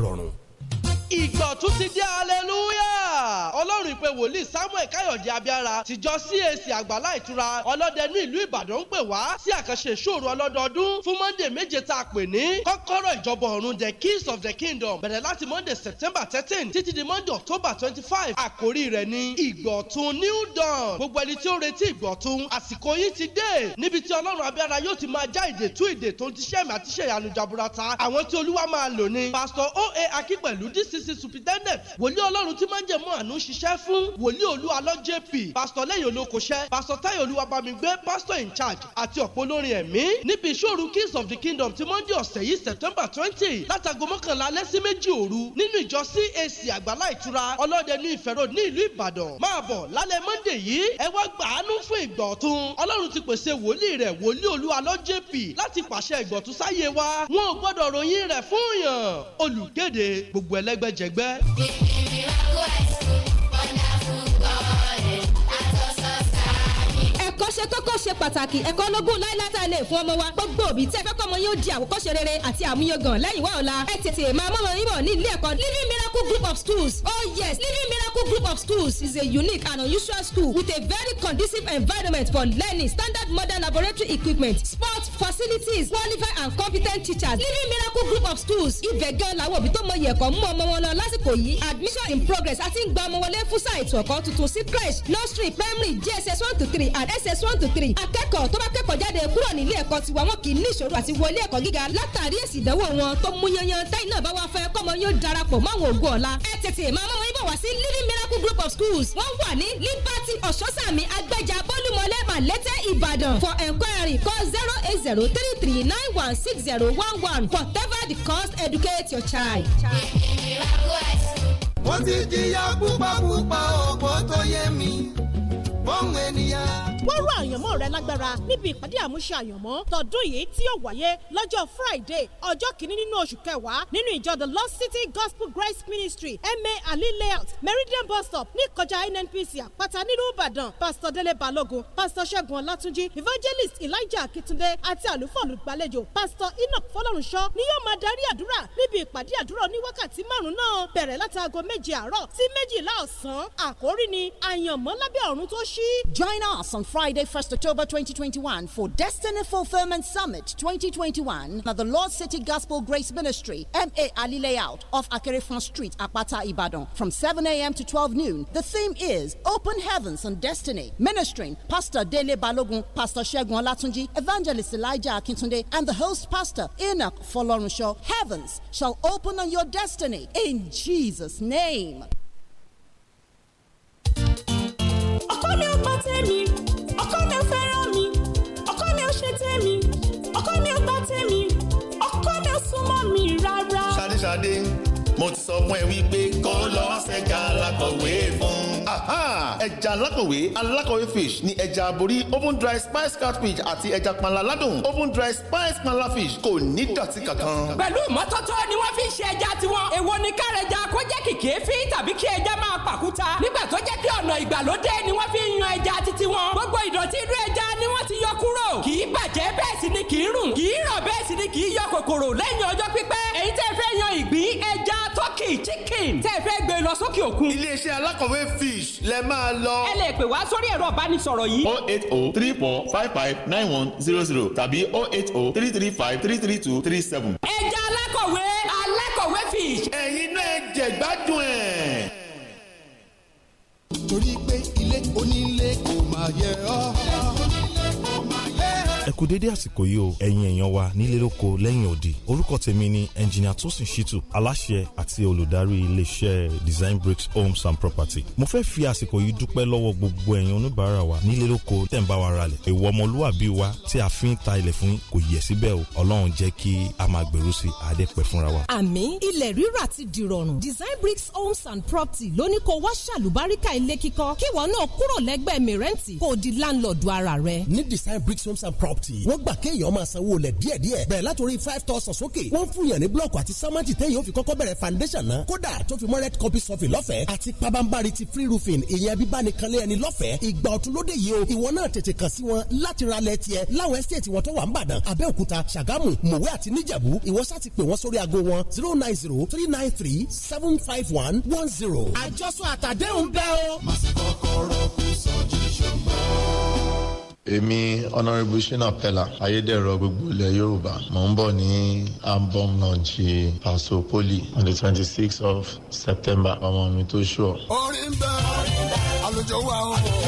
ìgbọ̀tún ti dé hallelujah ọlọ́run ìpè wòlíì samuel káyọ̀dé abíára tìjọ cac àgbàlá ìtura ọlọ́dẹnu ìlú ìbàdàn ń pè wá sí àkànṣe ìṣòro ọlọ́dọọdún fún monday méje tá a pè ní kọ́kọ́rọ́ ìjọba ọ̀run the keys of the kingdom bẹ̀rẹ̀ láti monday september thirteen títí di monday october twenty five àkórí rẹ̀ ní ìgbọ̀tún new dawn gbogbo ẹni tí ó retí ìgbọ̀tún àsìkò yìí ti dé níbi tí ọlọ́run abíára yóò ti máa já ìdè tú ìdè tó ń tiṣẹ́ mi àtiṣe ìyanu jaburata àwọn tí olúwa máa lò ní pásítọ̀ oa akínpẹ̀lú dcc superintendent wòlíì ọlọ́run tí máa ń jẹ mọ́ àánú ń ṣiṣẹ́ fún wòlíì olúwalọ jp pásítọ̀ lẹ́yìn olókoṣẹ́ pásítọ̀ táyọ̀ olúwabamigbé pásítọ̀ in charge àti ọ̀pọ̀ olórin ẹ̀mí níbi ìṣòro kings of the kingdom ti monday ọ̀sẹ̀ yìí september twenty látago mọ́kànlá alẹ́ sí méjì òru nínú ìjọ cac àgbàlá ìtura ọlọ́dẹ ní ìfẹ́ road ní ìlú ìbàdàn máa bọ̀ lálẹ́ monday yìí ẹ wá gbàánú fún ìgbà ọ̀tun ọlọ́run ti pèsè wòlíì rẹ̀ wòlíì olúwalọ jp láti pàṣẹ ìgbọ̀tún sáyé wa wọn ò gbọ́dọ̀ ròyìn rẹ̀ fún yàn olùkéde gbogbo ẹlẹ́gbẹ́jẹgbẹ́. ìrìnàjò àìsàn Why not? ẹ̀kọ́ ṣe ṣe pàtàkì ẹ̀kọ́ fún ọmọ wa gbogbo òbí fẹ́ yóò di àwòkọ́ṣe rere àti lẹ́yìn wá ọ̀la ẹ tètè máa yín bọ̀ ní ilé ẹ̀kọ́ living miracle group of schools oh yes living miracle group of schools is a unique and unusual school with a very conducive environment for learning standard modern laboratory equipment sports facilities qualified and competent teachers living miracle group of schools ibẹ̀ gan làwọn òbí tó mọ iyẹ̀kọ́ mú ọmọ wọn lọ lásìkò yìí admission in progress àti ń gba ọmọ wọlé fún sáà tuntun sí crèche nursery primary jss one to three and ss ss one to three akẹ́kọ̀ọ́ tó bá kẹ́kọ̀ọ́ jáde kúrò nílé ẹ̀kọ́ tiwa wọn kì í ní ìṣòro àti wọlé ẹ̀kọ́ gíga látàrí èsì ìdánwò wọn tó mú yanyan tẹ́yìn náà bá wá fẹ́ kọ́mọ yóò darapọ̀ máwọn ògùn ọ̀la ẹ tètè máa mọ́ wọn bọ̀ wá sí living miracle group of schools wọ́n wà ní liberty ososami agbẹ́jà bọ́lúmọlẹ́ malẹ́tẹ̀ ìbàdàn for enquiry call zero eight zero three three nine one six zero one one whatever the cost educate your child. mo ti jìyà púpàpúpà ọ̀pọ̀ tó yé mi bọ́ọ̀n ènìyàn wọ́rọ̀ àyànmọ́ rẹ lágbára níbi ìpàdé àmúṣe àyànmọ́ tọdún yìí tí yóò wáyé lọ́jọ́ Friday ọjọ́ kìíní nínú oṣù kẹwàá nínú ìjọ the Lost City Gospel Grace Ministry ma ali layout Meridian bus stop ní kọjá NNPC àpáta nílùú Ìbàdàn Pastor Dele Balogun Pastor Ṣẹ́gun Ọlátúnjí Evangelist Elijah Akitunde àti àlùfọ́ olùgbàlejò Pastor Enoch Fọlọ́runṣọ́ ni yóò máa darí àdúrà níbi ìpàdé àdúrà ní wákàtí márùn náà bẹ̀rẹ̀ látago méje àárọ̀ sí méjìlá Join us on Friday. Friday, 1st October 2021 for Destiny Fulfillment Summit 2021 at the Lord City Gospel Grace Ministry, MA Ali Layout off Akerefon Street, Apata, Ibadan from 7 a.m. to 12 noon. The theme is Open Heavens and Destiny. Ministering Pastor Dele Balogun, Pastor Shegun Latunji, Evangelist Elijah Akintunde, and the host pastor Enoch Folorunsho. Heavens shall open on your destiny in Jesus' name. tèmi ọkọ mi ò súnmọ́ mi rárá. ṣadéṣadé mo ti sọ fún ẹ wípé kó lọ ṣẹ̀ka alákọ̀wé fún ẹja alákọ̀wé alákọ̀wé fish ni ẹja aborí oven dry spice catfish àti ẹja panla ládùn oven dry spice panla fish kò ní dọ̀tí kankan. pẹ̀lú ìmọ́tótó ni wọ́n fi ń ṣe ẹja tiwọn èwo ni kárẹ̀já kó jẹ́ kìkìfì tàbí kí ẹja máa pàkúta nígbà tó jẹ́ pé ọ̀nà ìgbàlódé ni wọ́n fi ń yan ẹja titi wọn gbogbo ìdọ̀tí inú ẹja ni wọ́n ti yọ kúrò kì í bàjẹ́ bẹ́ẹ̀ sì ni kì í rùn kì í rọ̀ bẹ́ẹ̀ sì ni kì í yọ kòkòrò lẹ́yìn ọjọ́ pípẹ́ èyí tẹ́ fẹ́ yan ìgbín ẹja tọ́kì chicken tẹ́ fẹ́ gbé lọ sókè òkun. iléeṣẹ́ alákọ̀wé fi english lẹ máa lọ. ẹ lè pè wá sórí ẹ̀rọ ìbánisọ̀rọ̀ yìí. o oh eight o oh three four five five nine one zero zero tàbí o oh eight o three three five three three two three seven. ẹja alákọ̀wé alákọ̀wé fish. ẹ̀yin náà jẹ̀gbádùn ẹ̀. torí pé ilé onílé kò máa yẹ ọ́ kú dédé àsìkò yìí o ẹ̀yin èèyàn wa nílé lóko lẹ́yìn òdì orúkọ tèmi ni ẹnjìnìà Tosin Shitu aláṣẹ àti olùdarí iléeṣẹ́ Design Bricks Homes and Property mo fẹ́ fi àsìkò yìí dúpẹ́ lọ́wọ́ gbogbo ẹ̀yin oníbàárà wa nílé lóko tẹ̀ ń bá wa ralẹ̀ èwo ọmọlúwàbí wa tí a fi ń ta ilẹ̀ fún kò yẹ síbẹ̀ o Ọlọ́run jẹ́ kí a máa gbèrú sí adé pẹ́ fúnra wa. àmín ilẹ̀ rírà ti dìrọ̀rùn Design Bricks Homes and Property ló ní kó wá ṣàlùbáríkà ilé kíkọ́ kíwọ náà kúrò lẹ́gbẹ̀ẹ́ mìrẹ́ǹtì kó di láńlọ́ọ̀dù ara rẹ. ní Design Bricks Homes and Property fúláàtì wọ́n gbà kéèyàn máa sanwó lẹ̀ díẹ̀díẹ̀ bẹ̀rẹ̀ látòrí five thousand sókè wọ́n fún yàn ní blọ́ọ̀kù àti sámẹ́ǹtì téèyàn fi kọ́kọ́ bẹ̀rẹ̀ foundation náà kódà tó fi mọ́ red copy sọ́fì lọ́fẹ̀ẹ́ àti pabambari ti free roofing ìyẹn bíbánikanlé ẹni lọ́fẹ̀ẹ́ ìgbà ọ̀tun lóde yìí o ìwọ náà tètè kàn sí wọn láti ra lẹ̀ tiẹ̀ láwọn ẹ́sítéètì wọn tó wà ń bàdàn abẹ́òkúta ṣàgámù mòwe àti níjẹ̀bú ìwọ sá pè wọ́n sórí aago wọn zero nine zero three nine three seven five one one zero. àjọsọ àtàdéhùn bẹ́ẹ̀ o. màsí kọ́kọ́rọ́ kù sọ́jí ṣùgbọ́n èmi honourable shina pella ayédèrú gbogbo ilẹ̀ yorùbá mò ń bọ̀ ní ambom launch paso poli on the twenty sixth of september ọmọ mi tó ṣùọ. orin bẹ́ẹ̀ àlùjọ wà ó.